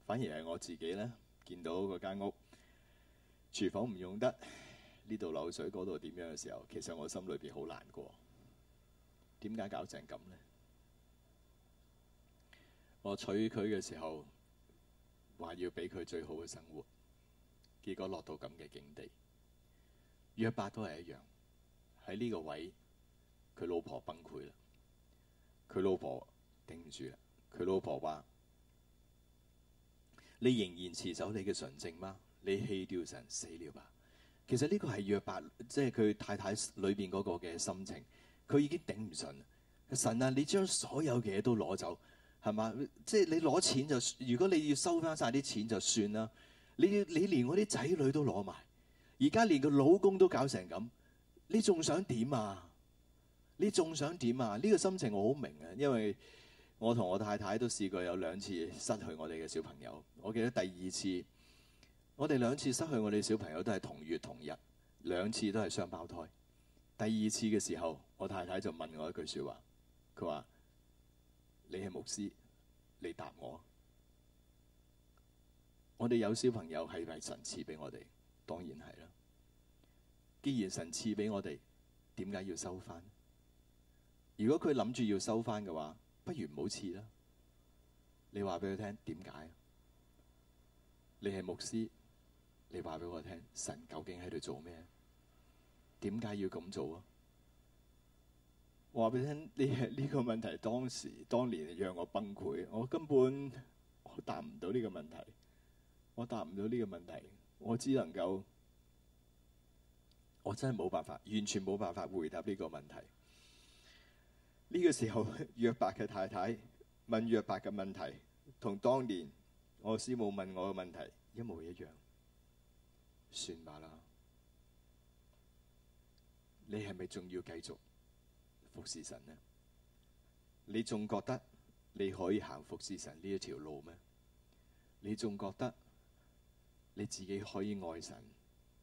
反而係我自己呢，見到嗰間屋廚房唔用得，呢度漏水嗰度點樣嘅時候，其實我心裏邊好難過。點解搞成咁呢？我娶佢嘅時候。話要俾佢最好嘅生活，結果落到咁嘅境地。約伯都係一樣，喺呢個位，佢老婆崩潰啦，佢老婆頂唔住啦，佢老婆話，你仍然持守你嘅純正嗎？你棄掉神死了吧？其實呢個係約伯，即係佢太太裏邊嗰個嘅心情，佢已經頂唔順啦。神啊，你將所有嘅嘢都攞走。係嘛？即係你攞錢就，如果你要收翻晒啲錢就算啦。你你連我啲仔女都攞埋，而家連個老公都搞成咁，你仲想點啊？你仲想點啊？呢個心情我好明啊，因為我同我太太都試過有兩次失去我哋嘅小朋友。我記得第二次，我哋兩次失去我哋小朋友都係同月同日，兩次都係雙胞胎。第二次嘅時候，我太太就問我一句說話，佢話。你係牧師，你答我。我哋有小朋友係咪神賜畀我哋？當然係啦、啊。既然神賜畀我哋，點解要收翻？如果佢諗住要收翻嘅話，不如唔好賜啦。你話畀佢聽點解？你係牧師，你話畀我聽，神究竟喺度做咩？點解要咁做啊？話俾你聽，呢係呢個問題。當時當年讓我崩潰，我根本我答唔到呢個問題，我答唔到呢個問題，我只能夠，我真係冇辦法，完全冇辦法回答呢個問題。呢、呢個時候，約伯嘅太太問約伯嘅問題，同當年我師母問我嘅問題一模一樣。算罷啦，你係咪仲要繼續？服侍神咧，你仲覺得你可以行服侍神呢一條路咩？你仲覺得你自己可以愛神，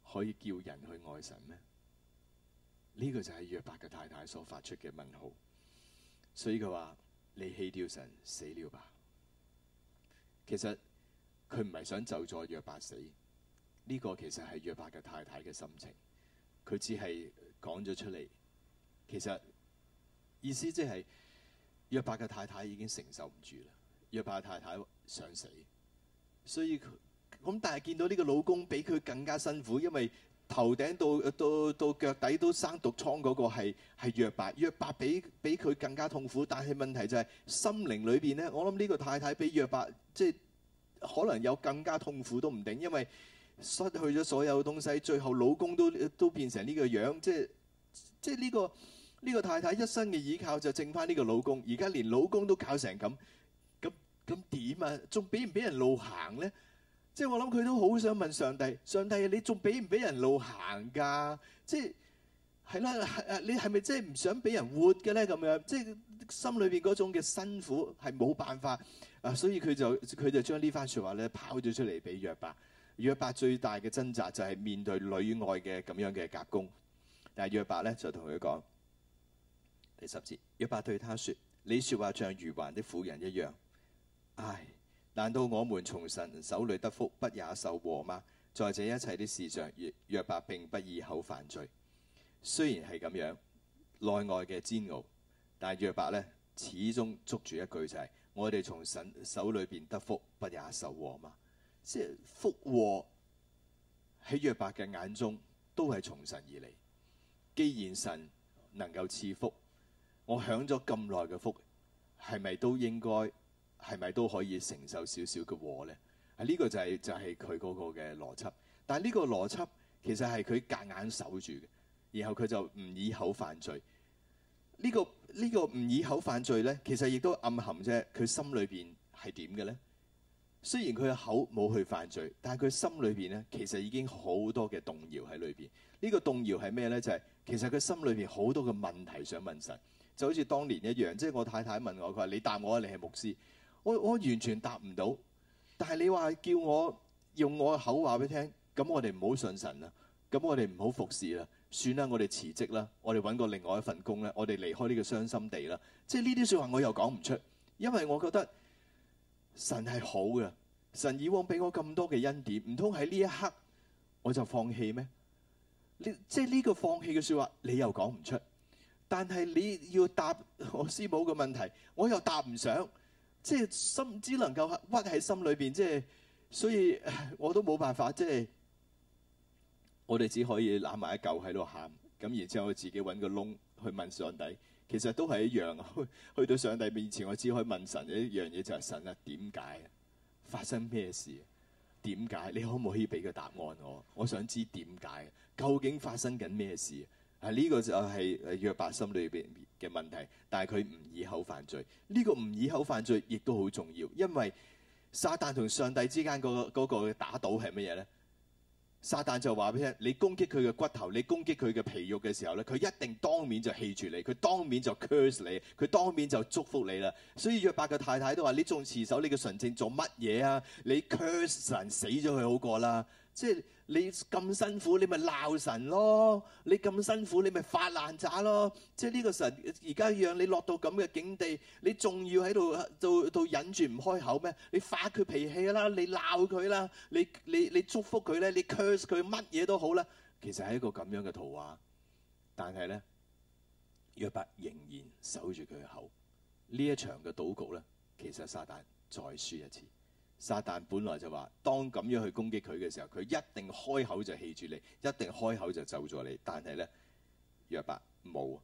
可以叫人去愛神咩？呢、這個就係約伯嘅太太所發出嘅問號。所以佢話：你棄掉神，死了吧？其實佢唔係想咒詛約伯死，呢、這個其實係約伯嘅太太嘅心情。佢只係講咗出嚟，其實。意思即係約伯嘅太太已經承受唔住啦，約伯嘅太太想死，所以佢咁，但係見到呢個老公比佢更加辛苦，因為頭頂到到到腳底都生毒瘡嗰個，係係約伯，約伯比比佢更加痛苦，但係問題就係心靈裏邊呢，我諗呢個太太比約伯即係可能有更加痛苦都唔定，因為失去咗所有嘅東西，最後老公都都變成呢個樣，即係即係呢個。呢個太太一生嘅倚靠就剩翻呢個老公，而家連老公都搞成咁，咁咁點啊？仲俾唔俾人路行咧？即係我諗佢都好想問上帝：上帝你仲俾唔俾人路行㗎？即係係啦，你係咪真係唔想俾人活嘅咧？咁樣即係心裏邊嗰種嘅辛苦係冇辦法啊，所以佢就佢就將呢番説話咧拋咗出嚟俾約伯。約伯最大嘅掙扎就係面對女外嘅咁樣嘅夾攻，但係約伯咧就同佢講。第十節，約伯對他說：你說話像愚頑的婦人一樣。唉，難道我們從神手裏得福，不也受禍嗎？在這一切的事上，約伯並不以口犯罪。雖然係咁樣，內外嘅煎熬，但約伯呢始終捉住一句就係、是：我哋從神手裏邊得福，不也受禍嗎？即係福禍喺約伯嘅眼中都係從神而嚟。既然神能夠賜福，我享咗咁耐嘅福，係咪都應該？係咪都可以承受少少嘅禍咧？啊，呢、這個就係、是、就係佢嗰個嘅邏輯。但係呢個邏輯其實係佢夾硬守住嘅，然後佢就唔以口犯罪。呢、這個呢、這個唔以口犯罪咧，其實亦都暗含啫，佢心裏邊係點嘅咧？雖然佢嘅口冇去犯罪，但係佢心裏邊咧，其實已經好多嘅動搖喺裏邊。呢、這個動搖係咩咧？就係、是、其實佢心裏邊好多嘅問題想問神。就好似當年一樣，即係我太太問我，佢話：你答我啊，你係牧師，我我完全答唔到。但係你話叫我用我嘅口話俾你聽，咁我哋唔好信神啦，咁我哋唔好服侍啦，算啦，我哋辭職啦，我哋揾個另外一份工咧，我哋離開呢個傷心地啦。即係呢啲説話我又講唔出，因為我覺得神係好嘅，神以往俾我咁多嘅恩典，唔通喺呢一刻我就放棄咩？你，即係呢個放棄嘅説話，你又講唔出。但係你要答我師母嘅問題，我又答唔上，即係心只能夠屈喺心裏邊，即係所以我都冇辦法，即係 [music] 我哋只可以攬埋一嚿喺度喊，咁然之後我自己揾個窿去問上帝。其實都係一樣，去，去到上帝面前，我只可以問神一樣嘢，就係神啊點解啊？發生咩事？點解？你可唔可以俾個答案我？我想知點解，究竟發生緊咩事？係呢、啊這個就係約伯心裏邊嘅問題，但係佢唔以口犯罪。呢、這個唔以口犯罪亦都好重要，因為撒旦同上帝之間嗰、那個嗰打賭係乜嘢咧？撒旦就話俾你聽，你攻擊佢嘅骨頭，你攻擊佢嘅皮肉嘅時候咧，佢一定當面就棄住你，佢當面就 curse 你，佢當面就祝福你啦。所以約伯嘅太太都話：你仲持守你嘅純正做乜嘢啊？你 curse 神死咗佢好過啦。即係你咁辛苦，你咪鬧神咯；你咁辛苦，你咪發爛渣咯。即係呢個神而家讓你落到咁嘅境地，你仲要喺度到到忍住唔開口咩？你發佢脾氣啦，你鬧佢啦，你你你祝福佢咧，你 curse 佢乜嘢都好啦。其實係一個咁樣嘅圖畫，但係咧，約伯仍然守住佢嘅口。呢一場嘅賭局咧，其實撒但再輸一次。撒旦本來就話，當咁樣去攻擊佢嘅時候，佢一定開口就棄住你，一定開口就咒咗你。但係咧，約伯冇。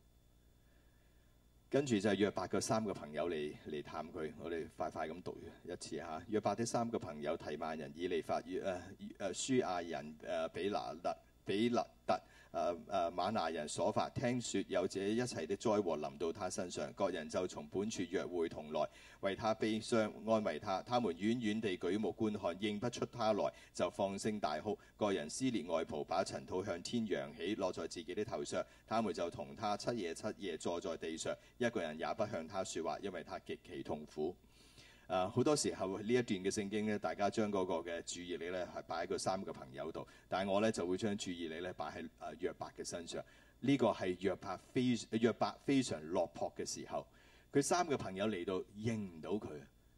跟住就係約伯嘅三個朋友嚟嚟探佢。我哋快快咁讀一次嚇。約伯啲三個朋友，提幔人以利法、誒誒書亞人誒、啊、比拿勒。比勒達誒誒瑪拿人瑣法，聽說有這一切的災禍臨到他身上，各人就從本處約會同來，為他悲傷，安慰他。他們遠遠地舉目觀看，認不出他來，就放聲大哭。各人撕裂外袍，把塵土向天揚起，落在自己的頭上。他們就同他七夜七夜坐在地上，一個人也不向他說話，因為他極其痛苦。啊，好多時候呢一段嘅聖經咧，大家將個嘅注意力咧係擺喺佢三個朋友度，但係我咧就會將注意力咧擺喺誒約伯嘅身上。呢、這個係約伯非約伯非常落魄嘅時候，佢三個朋友嚟到認唔到佢。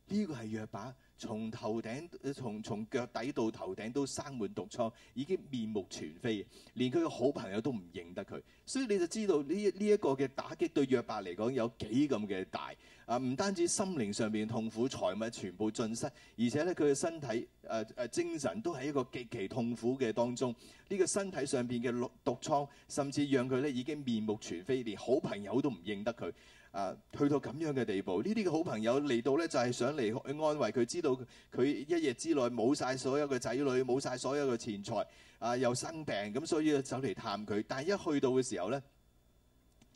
呢個係約伯，從頭頂從從腳底到頭頂都生滿毒瘡，已經面目全非嘅，連佢嘅好朋友都唔認得佢。所以你就知道呢呢一個嘅打擊對約伯嚟講有幾咁嘅大啊！唔單止心靈上面痛苦，財物全部盡失，而且咧佢嘅身體誒誒、啊、精神都喺一個極其痛苦嘅當中。呢、這個身體上邊嘅毒毒瘡，甚至讓佢咧已經面目全非，連好朋友都唔認得佢。啊，去到咁樣嘅地步，呢啲嘅好朋友嚟到呢，就係想嚟安慰佢，知道佢一夜之內冇晒所有嘅仔女，冇晒所有嘅錢財，啊又生病，咁所以走嚟探佢。但係一去到嘅時候呢，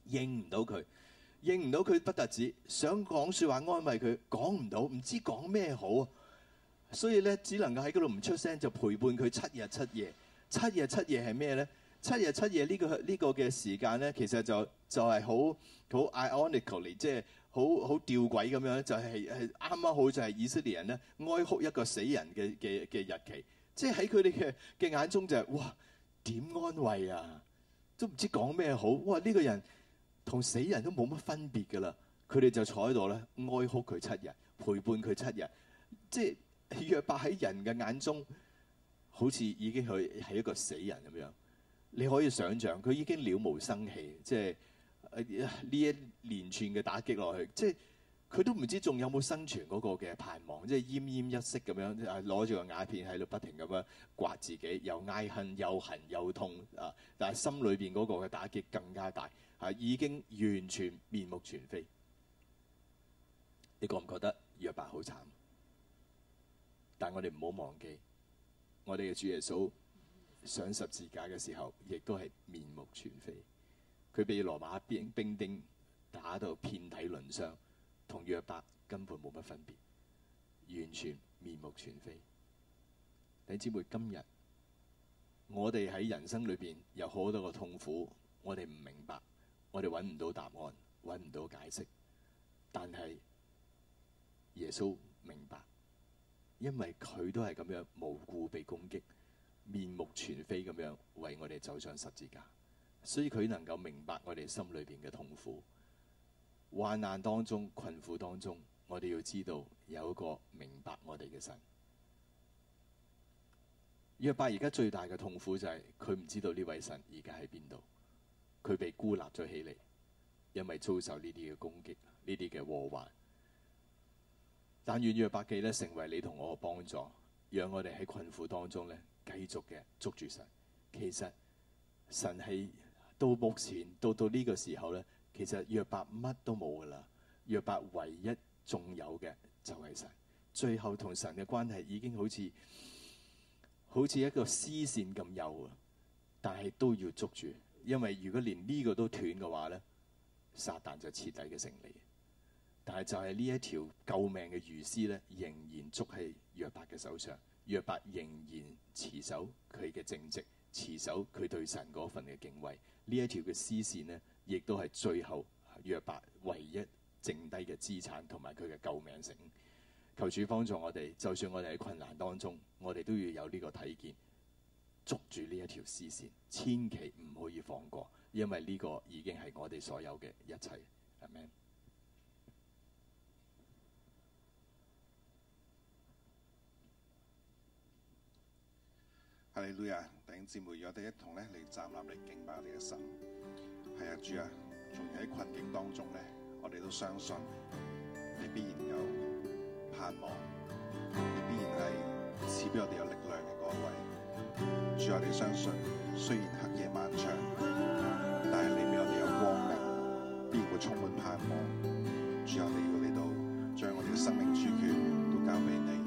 認唔到佢，認唔到佢，不得止想講說話安慰佢，講唔到，唔知講咩好啊。所以呢，只能夠喺嗰度唔出聲，就陪伴佢七日七夜。七日七夜係咩呢？七日七夜、這個這個、呢個呢個嘅時間咧，其實就就係好好 ironically 即係好好吊詭咁樣，就係係啱啱好就係以色列人咧哀哭一個死人嘅嘅嘅日期，即係喺佢哋嘅嘅眼中就係、是、哇點安慰啊，都唔知講咩好，哇呢、這個人同死人都冇乜分別噶啦，佢哋就坐喺度咧哀哭佢七日，陪伴佢七日，即係約伯喺人嘅眼中好似已經佢係一個死人咁樣。你可以想像，佢已經了無生氣，即係呢、啊、一連串嘅打擊落去，即係佢都唔知仲有冇生存嗰個嘅盼望，即係奄奄一息咁樣，攞住個瓦片喺度不停咁樣刮自己，又哀恨又痕，又痛啊！但係心裏邊嗰個嘅打擊更加大，係、啊、已經完全面目全非。你覺唔覺得約伯好慘？但係我哋唔好忘記，我哋嘅主耶穌。上十字架嘅時候，亦都係面目全非。佢被羅馬兵兵丁打到遍體鱗傷，同約伯根本冇乜分別，完全面目全非。弟兄姊妹，今日我哋喺人生裏邊有好多個痛苦，我哋唔明白，我哋揾唔到答案，揾唔到解釋。但係耶穌明白，因為佢都係咁樣無故被攻擊。面目全非咁樣為我哋走上十字架，所以佢能夠明白我哋心裏面嘅痛苦，患難當中、困苦當中，我哋要知道有一個明白我哋嘅神。約伯而家最大嘅痛苦就係佢唔知道呢位神而家喺邊度，佢被孤立咗起嚟，因為遭受呢啲嘅攻擊、呢啲嘅禍患。但願約伯記咧成為你同我嘅幫助，讓我哋喺困苦當中咧。繼續嘅捉住神，其實神係到目前到到呢個時候咧，其實約伯乜都冇噶啦。約伯唯一仲有嘅就係神，最後同神嘅關係已經好似好似一個絲線咁幼啊，但係都要捉住，因為如果連呢個都斷嘅話咧，撒旦就徹底嘅勝利。但係就係呢一條救命嘅魚絲咧，仍然捉喺約伯嘅手上。約伯仍然持守佢嘅正直，持守佢對神嗰份嘅敬畏。呢一條嘅絲線呢，亦都係最後約伯唯一剩低嘅資產，同埋佢嘅救命繩。求主幫助我哋，就算我哋喺困難當中，我哋都要有呢個睇見，捉住呢一條絲線，千祈唔可以放過，因為呢個已經係我哋所有嘅一切。阿門。哈利路亞，弟兄姊妹，我哋一同咧嚟站立嚟敬拜我哋嘅神。係啊，主啊，仲喺困境當中咧，我哋都相信你必然有盼望，你必然係賜俾我哋有力量嘅嗰一位。主啊，我哋相信，雖然黑夜漫長，但係你俾我哋有光明，必然會充滿盼望。主啊，你要嚟到將我哋嘅生命主權都交俾你。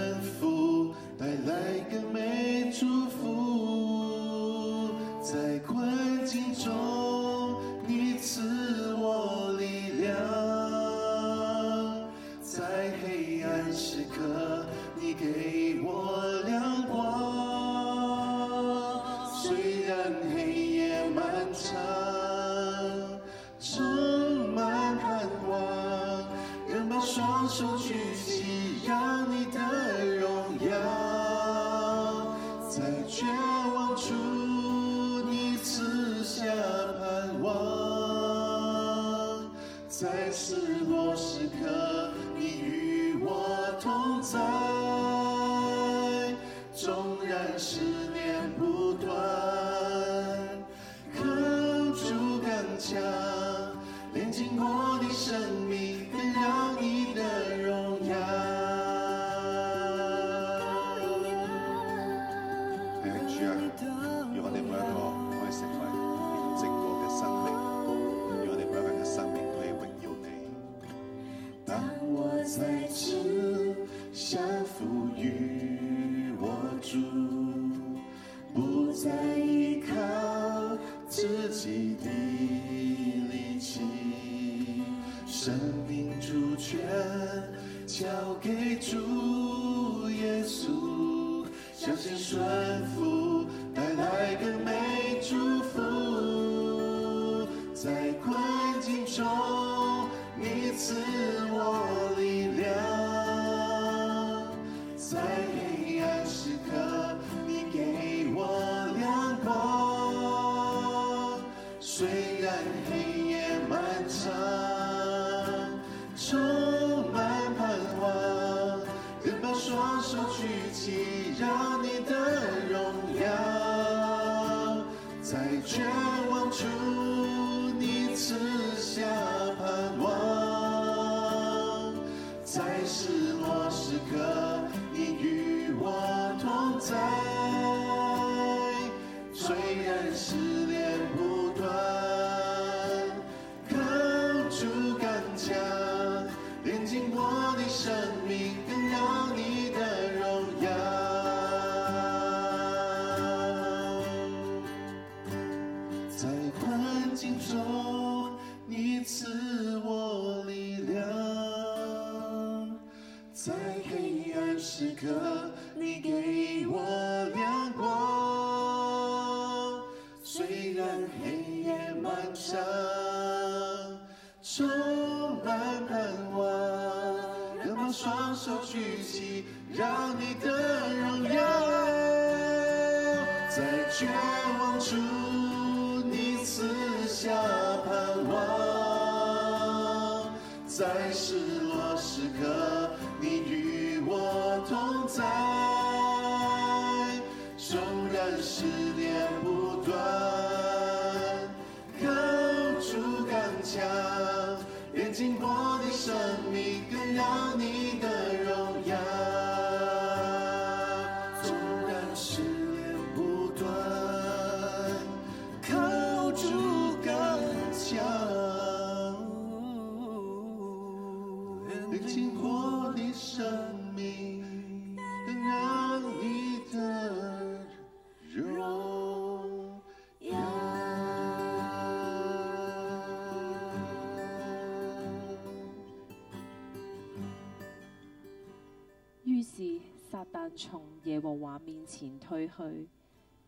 從耶和華面前退去，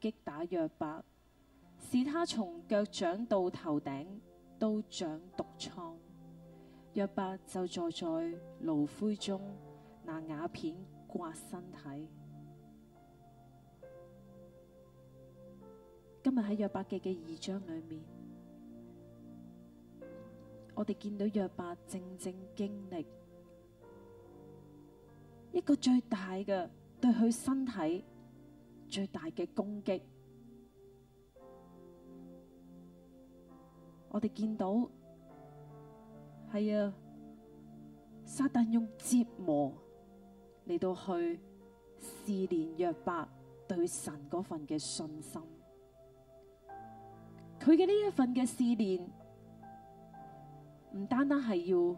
擊打約伯，使他從腳掌到頭頂都長毒瘡。約伯就坐在爐灰中，拿瓦片刮身體。今日喺約伯記嘅二章裏面，我哋見到約伯正正經歷一個最大嘅。對佢身體最大嘅攻擊，我哋見到係啊，撒旦用折磨嚟到去試煉約伯對神嗰份嘅信心。佢嘅呢一份嘅試煉，唔單單係要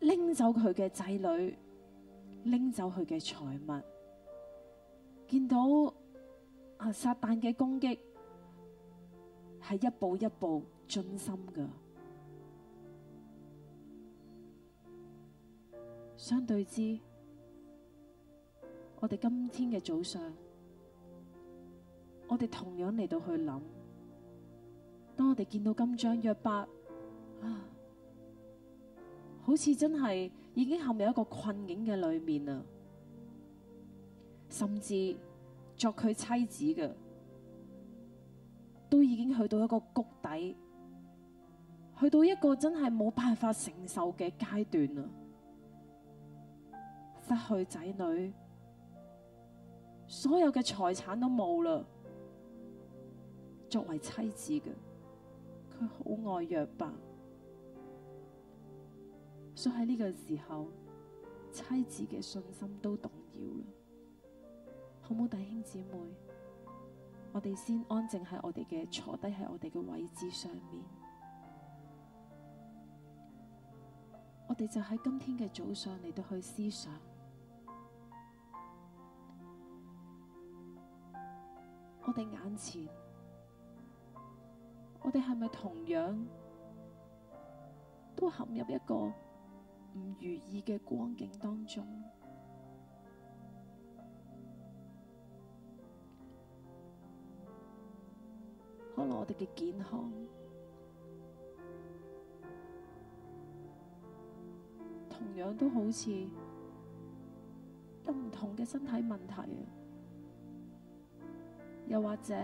拎走佢嘅仔女。拎走佢嘅財物，見到啊，撒旦嘅攻擊係一步一步進深噶。相對之，我哋今天嘅早上，我哋同樣嚟到去諗，當我哋見到金章約伯、啊、好似真係，已經陷入一個困境嘅裏面啦，甚至作佢妻子嘅都已經去到一個谷底，去到一個真係冇辦法承受嘅階段啦！失去仔女，所有嘅財產都冇啦。作為妻子嘅，佢好愛約伯。就喺呢個時候，妻子嘅信心都動搖啦。好冇，弟兄姊妹，我哋先安靜喺我哋嘅坐低喺我哋嘅位置上面。我哋就喺今天嘅早上嚟到去思想，我哋眼前，我哋係咪同樣都陷入一個？唔如意嘅光景當中，可能我哋嘅健康同樣都好似有唔同嘅身體問題，又或者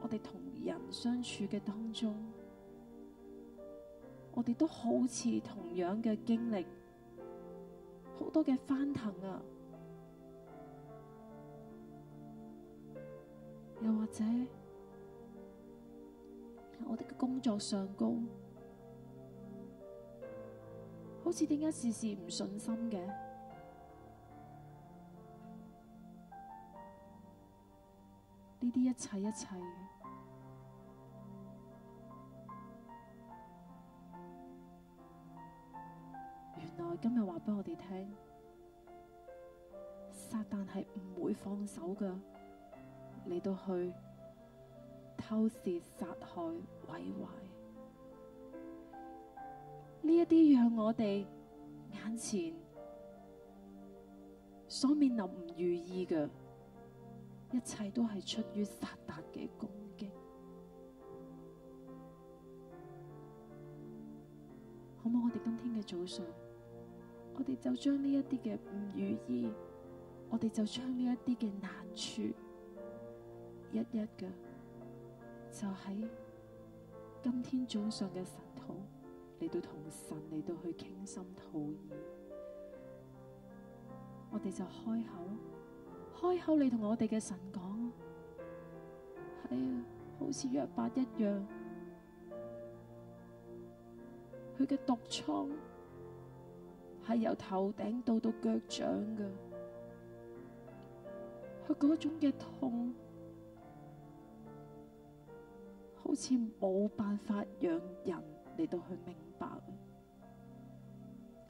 我哋同人相處嘅當中。我哋都好似同樣嘅經歷，好多嘅翻騰啊，又或者我哋嘅工作上高，好似點解事事唔順心嘅，呢啲一切一切。今日話俾我哋聽，撒旦係唔會放手嘅，你都去偷竊、殺害、毀壞，呢一啲讓我哋眼前所面臨唔如意嘅，一切都係出於撒旦嘅攻擊。好冇我哋今天嘅早上。我哋就將呢一啲嘅唔如意，我哋就將呢一啲嘅難處，一一嘅，就喺今天早上嘅晨禱嚟到同神嚟到去傾心吐意。我哋就開口，開口嚟同我哋嘅神講，係、哎、啊，好似約伯一樣，佢嘅毒瘡。係由頭頂到到腳掌㗎，佢嗰種嘅痛，好似冇辦法讓人嚟到去明白。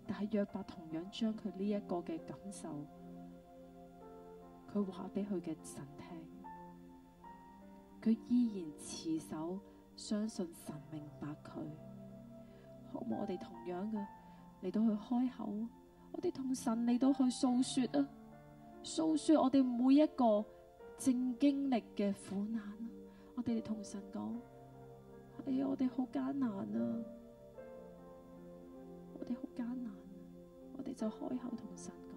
但係約伯同樣將佢呢一個嘅感受，佢話畀佢嘅神聽，佢依然持守相信神明白佢，好冇我哋同樣嘅，嚟到去開口，我哋同神嚟到去訴説啊，訴説我哋每一個正經歷嘅苦難。我哋同神講，哎呀，我哋好艱難啊，我哋好艱難，我哋就開口同神。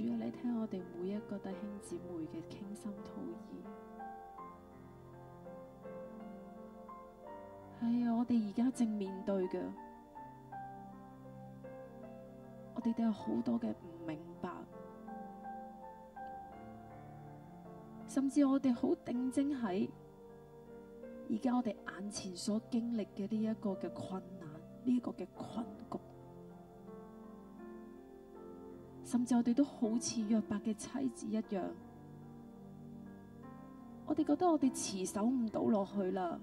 主要你聽我哋每一個弟兄姊妹嘅傾心吐意，係啊，我哋而家正面對嘅，我哋都有好多嘅唔明白，甚至我哋好定睛喺而家我哋眼前所經歷嘅呢一個嘅困難，呢一個嘅困局。甚至我哋都好似約伯嘅妻子一樣，我哋覺得我哋持守唔到落去啦，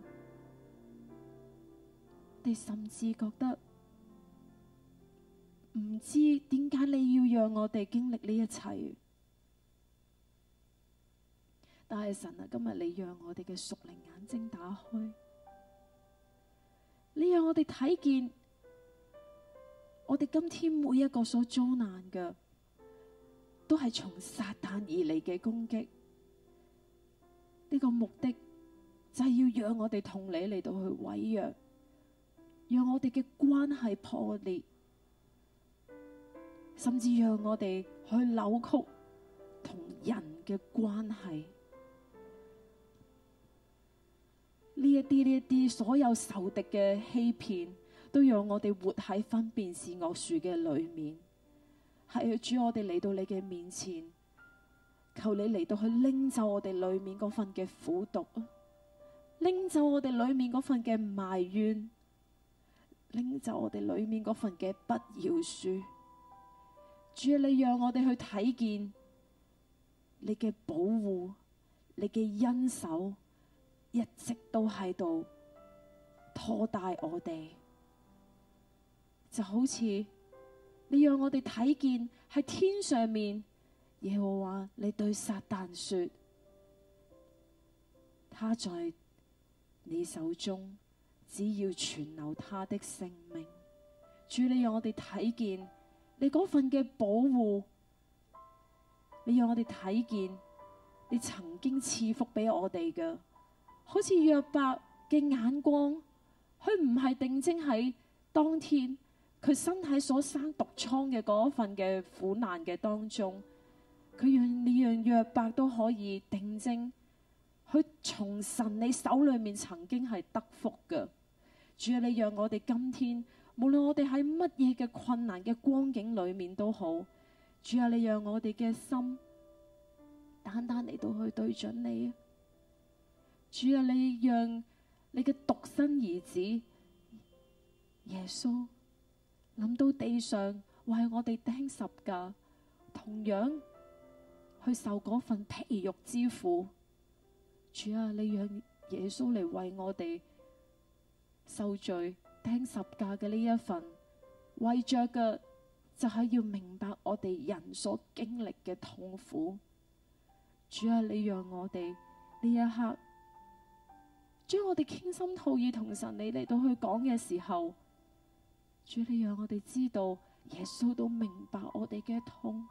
我哋甚至覺得唔知點解你要讓我哋經歷呢一切，但係神啊，今日你讓我哋嘅屬靈眼睛打開，你讓我哋睇見我哋今天每一個所遭難嘅。都係從撒旦而嚟嘅攻擊，呢、這個目的就係要讓我哋同你嚟到去毀約，讓我哋嘅關係破裂，甚至讓我哋去扭曲同人嘅關係。呢一啲、呢一啲所有仇敵嘅欺騙，都讓我哋活喺分辨善惡樹嘅裏面。係要主，我哋嚟到你嘅面前，求你嚟到去拎走我哋裏面嗰份嘅苦毒啊，拎走我哋裏面嗰份嘅埋怨，拎走我哋裏面嗰份嘅不饒恕。主，你讓我哋去睇見你嘅保護，你嘅恩手，一直都喺度拖大我哋，就好似。你讓我哋睇見喺天上面，耶和華你對撒旦說：他在你手中，只要存留他的性命。主你讓我哋睇見你嗰份嘅保護，你讓我哋睇見你曾經賜福俾我哋嘅，好似約伯嘅眼光，佢唔係定睛喺當天。佢身體所生毒瘡嘅嗰份嘅苦難嘅當中，佢讓你讓約伯都可以定睛去重尋你手裏面曾經係得福嘅。主啊，你讓我哋今天無論我哋喺乜嘢嘅困難嘅光景裏面都好，主啊，你讓我哋嘅心單單嚟到去對準你。主啊，你讓你嘅獨生兒子耶穌。諗到地上為我哋釘十架，同樣去受嗰份皮肉之苦。主啊，你讓耶穌嚟為我哋受罪釘十架嘅呢一份，為着嘅就係要明白我哋人所經歷嘅痛苦。主啊，你讓我哋呢一刻，將、啊、我哋傾心吐意同神你嚟到去講嘅時候。主你讓我哋知道耶穌都明白我哋嘅痛，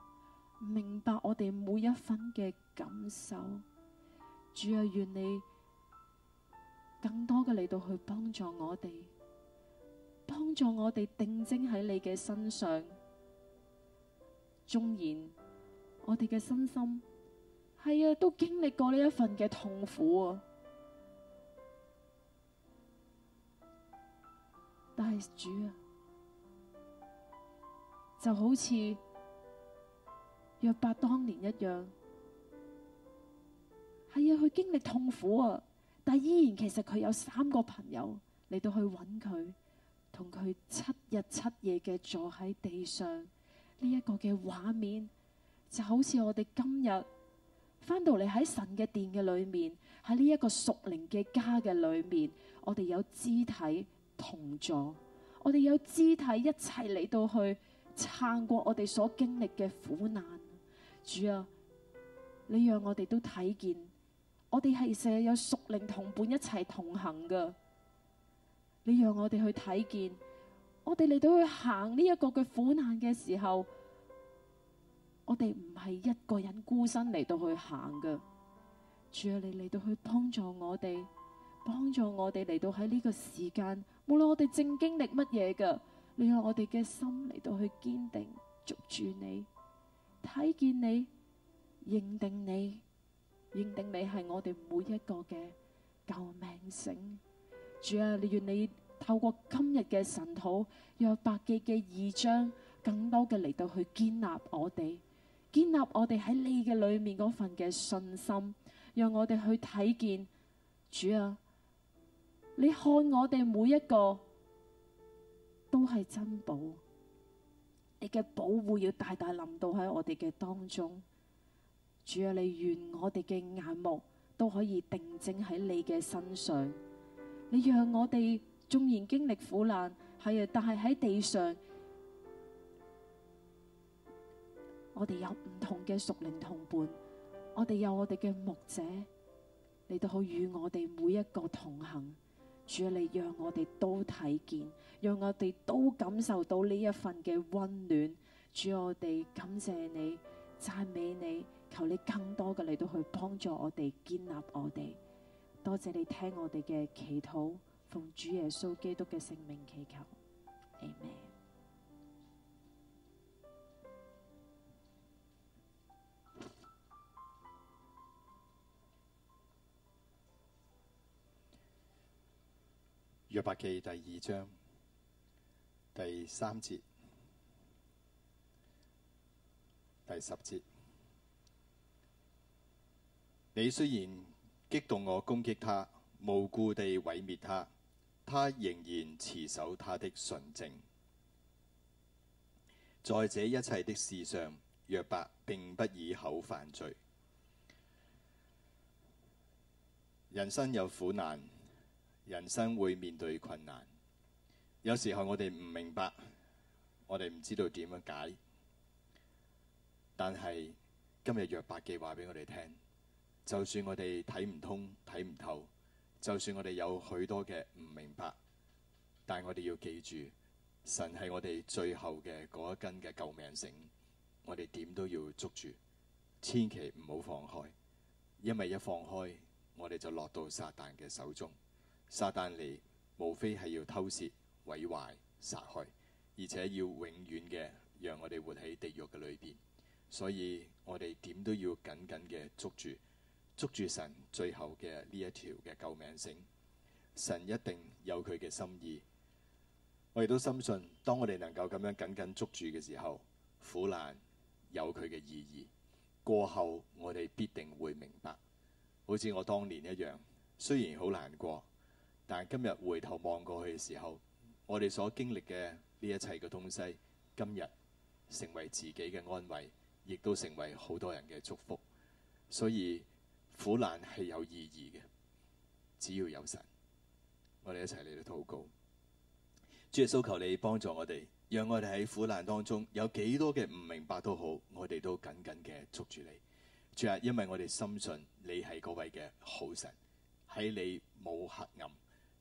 明白我哋每一分嘅感受。主啊，願你更多嘅嚟到去幫助我哋，幫助我哋定睛喺你嘅身上，縱然我哋嘅身心，係啊，都經歷過呢一份嘅痛苦啊，但係主啊。就好似約伯當年一樣，係啊，佢經歷痛苦啊，但依然其實佢有三個朋友嚟到去揾佢，同佢七日七夜嘅坐喺地上，呢一個嘅畫面就好似我哋今日返到嚟喺神嘅殿嘅裏面，喺呢一個屬靈嘅家嘅裏面，我哋有肢體同坐，我哋有肢體一齊嚟到去。撐過我哋所經歷嘅苦難，主啊，你讓我哋都睇見，我哋係成日有屬靈同伴一齊同行噶。你讓我哋去睇見，我哋嚟到去行呢一個嘅苦難嘅時候，我哋唔係一個人孤身嚟到去行噶。主啊，你嚟到去幫助我哋，幫助我哋嚟到喺呢個時間，無論我哋正經歷乜嘢噶。你用我哋嘅心嚟到去堅定捉住你，睇見你，認定你，認定你係我哋每一個嘅救命繩。主啊，你願你透過今日嘅晨禱，讓約伯記嘅二章更多嘅嚟到去建立我哋，建立我哋喺你嘅裏面嗰份嘅信心，讓我哋去睇見，主啊，你看我哋每一個。都係珍寶，你嘅保護要大大臨到喺我哋嘅當中。主啊，你願我哋嘅眼目都可以定睛喺你嘅身上。你讓我哋縱然經歷苦難，係啊，但係喺地上，我哋有唔同嘅屬靈同伴，我哋有我哋嘅牧者，你都好與我哋每一個同行。主啊！你讓我哋都睇見，讓我哋都感受到呢一份嘅温暖。主，我哋感謝你，讚美你，求你更多嘅嚟到去幫助我哋，建立我哋。多謝你聽我哋嘅祈禱，奉主耶穌基督嘅聖名祈求，Amen. 約伯記第二章第三節第十節，你雖然激動我攻擊他，無故地毀滅他，他仍然持守他的純正。在這一切的事上，約伯並不以口犯罪。人生有苦難。人生會面對困難，有時候我哋唔明白，我哋唔知道點樣解。但係今日約伯記話俾我哋聽，就算我哋睇唔通、睇唔透，就算我哋有許多嘅唔明白，但係我哋要記住，神係我哋最後嘅嗰一根嘅救命繩，我哋點都要捉住，千祈唔好放開，因為一放開，我哋就落到撒旦嘅手中。撒旦嚟，無非係要偷竊、毀壞、殺害，而且要永遠嘅讓我哋活喺地獄嘅裏邊。所以我哋點都要緊緊嘅捉住捉住神最後嘅呢一條嘅救命繩。神一定有佢嘅心意。我亦都深信，當我哋能夠咁樣緊緊捉住嘅時候，苦難有佢嘅意義。過後我哋必定會明白，好似我當年一樣，雖然好難過。但今日回頭望過去嘅時候，我哋所經歷嘅呢一切嘅東西，今日成為自己嘅安慰，亦都成為好多人嘅祝福。所以苦難係有意義嘅，只要有神，我哋一齊嚟到禱告。主耶穌求你幫助我哋，讓我哋喺苦難當中有幾多嘅唔明白都好，我哋都緊緊嘅捉住你。主啊，因為我哋深信你係嗰位嘅好神，喺你冇黑暗。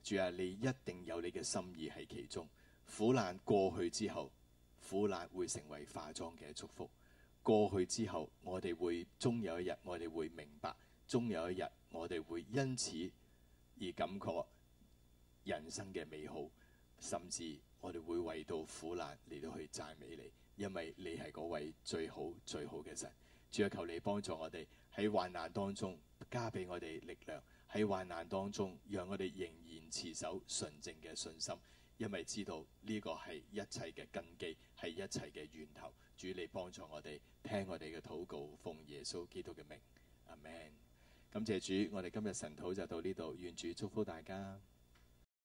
主啊，你一定有你嘅心意喺其中。苦難過去之後，苦難會成為化妝嘅祝福。過去之後，我哋會終有一日，我哋會明白，終有一日，我哋會因此而感覺人生嘅美好。甚至我哋會為到苦難嚟到去讚美你，因為你係嗰位最好最好嘅神。主啊，求你幫助我哋喺患難當中，加俾我哋力量。喺患難當中，讓我哋仍然持守純正嘅信心，因為知道呢個係一切嘅根基，係一切嘅源頭。主你幫助我哋，聽我哋嘅禱告，奉耶穌基督嘅名，阿門，感謝主，我哋今日晨禱就到呢度，願主祝福大家。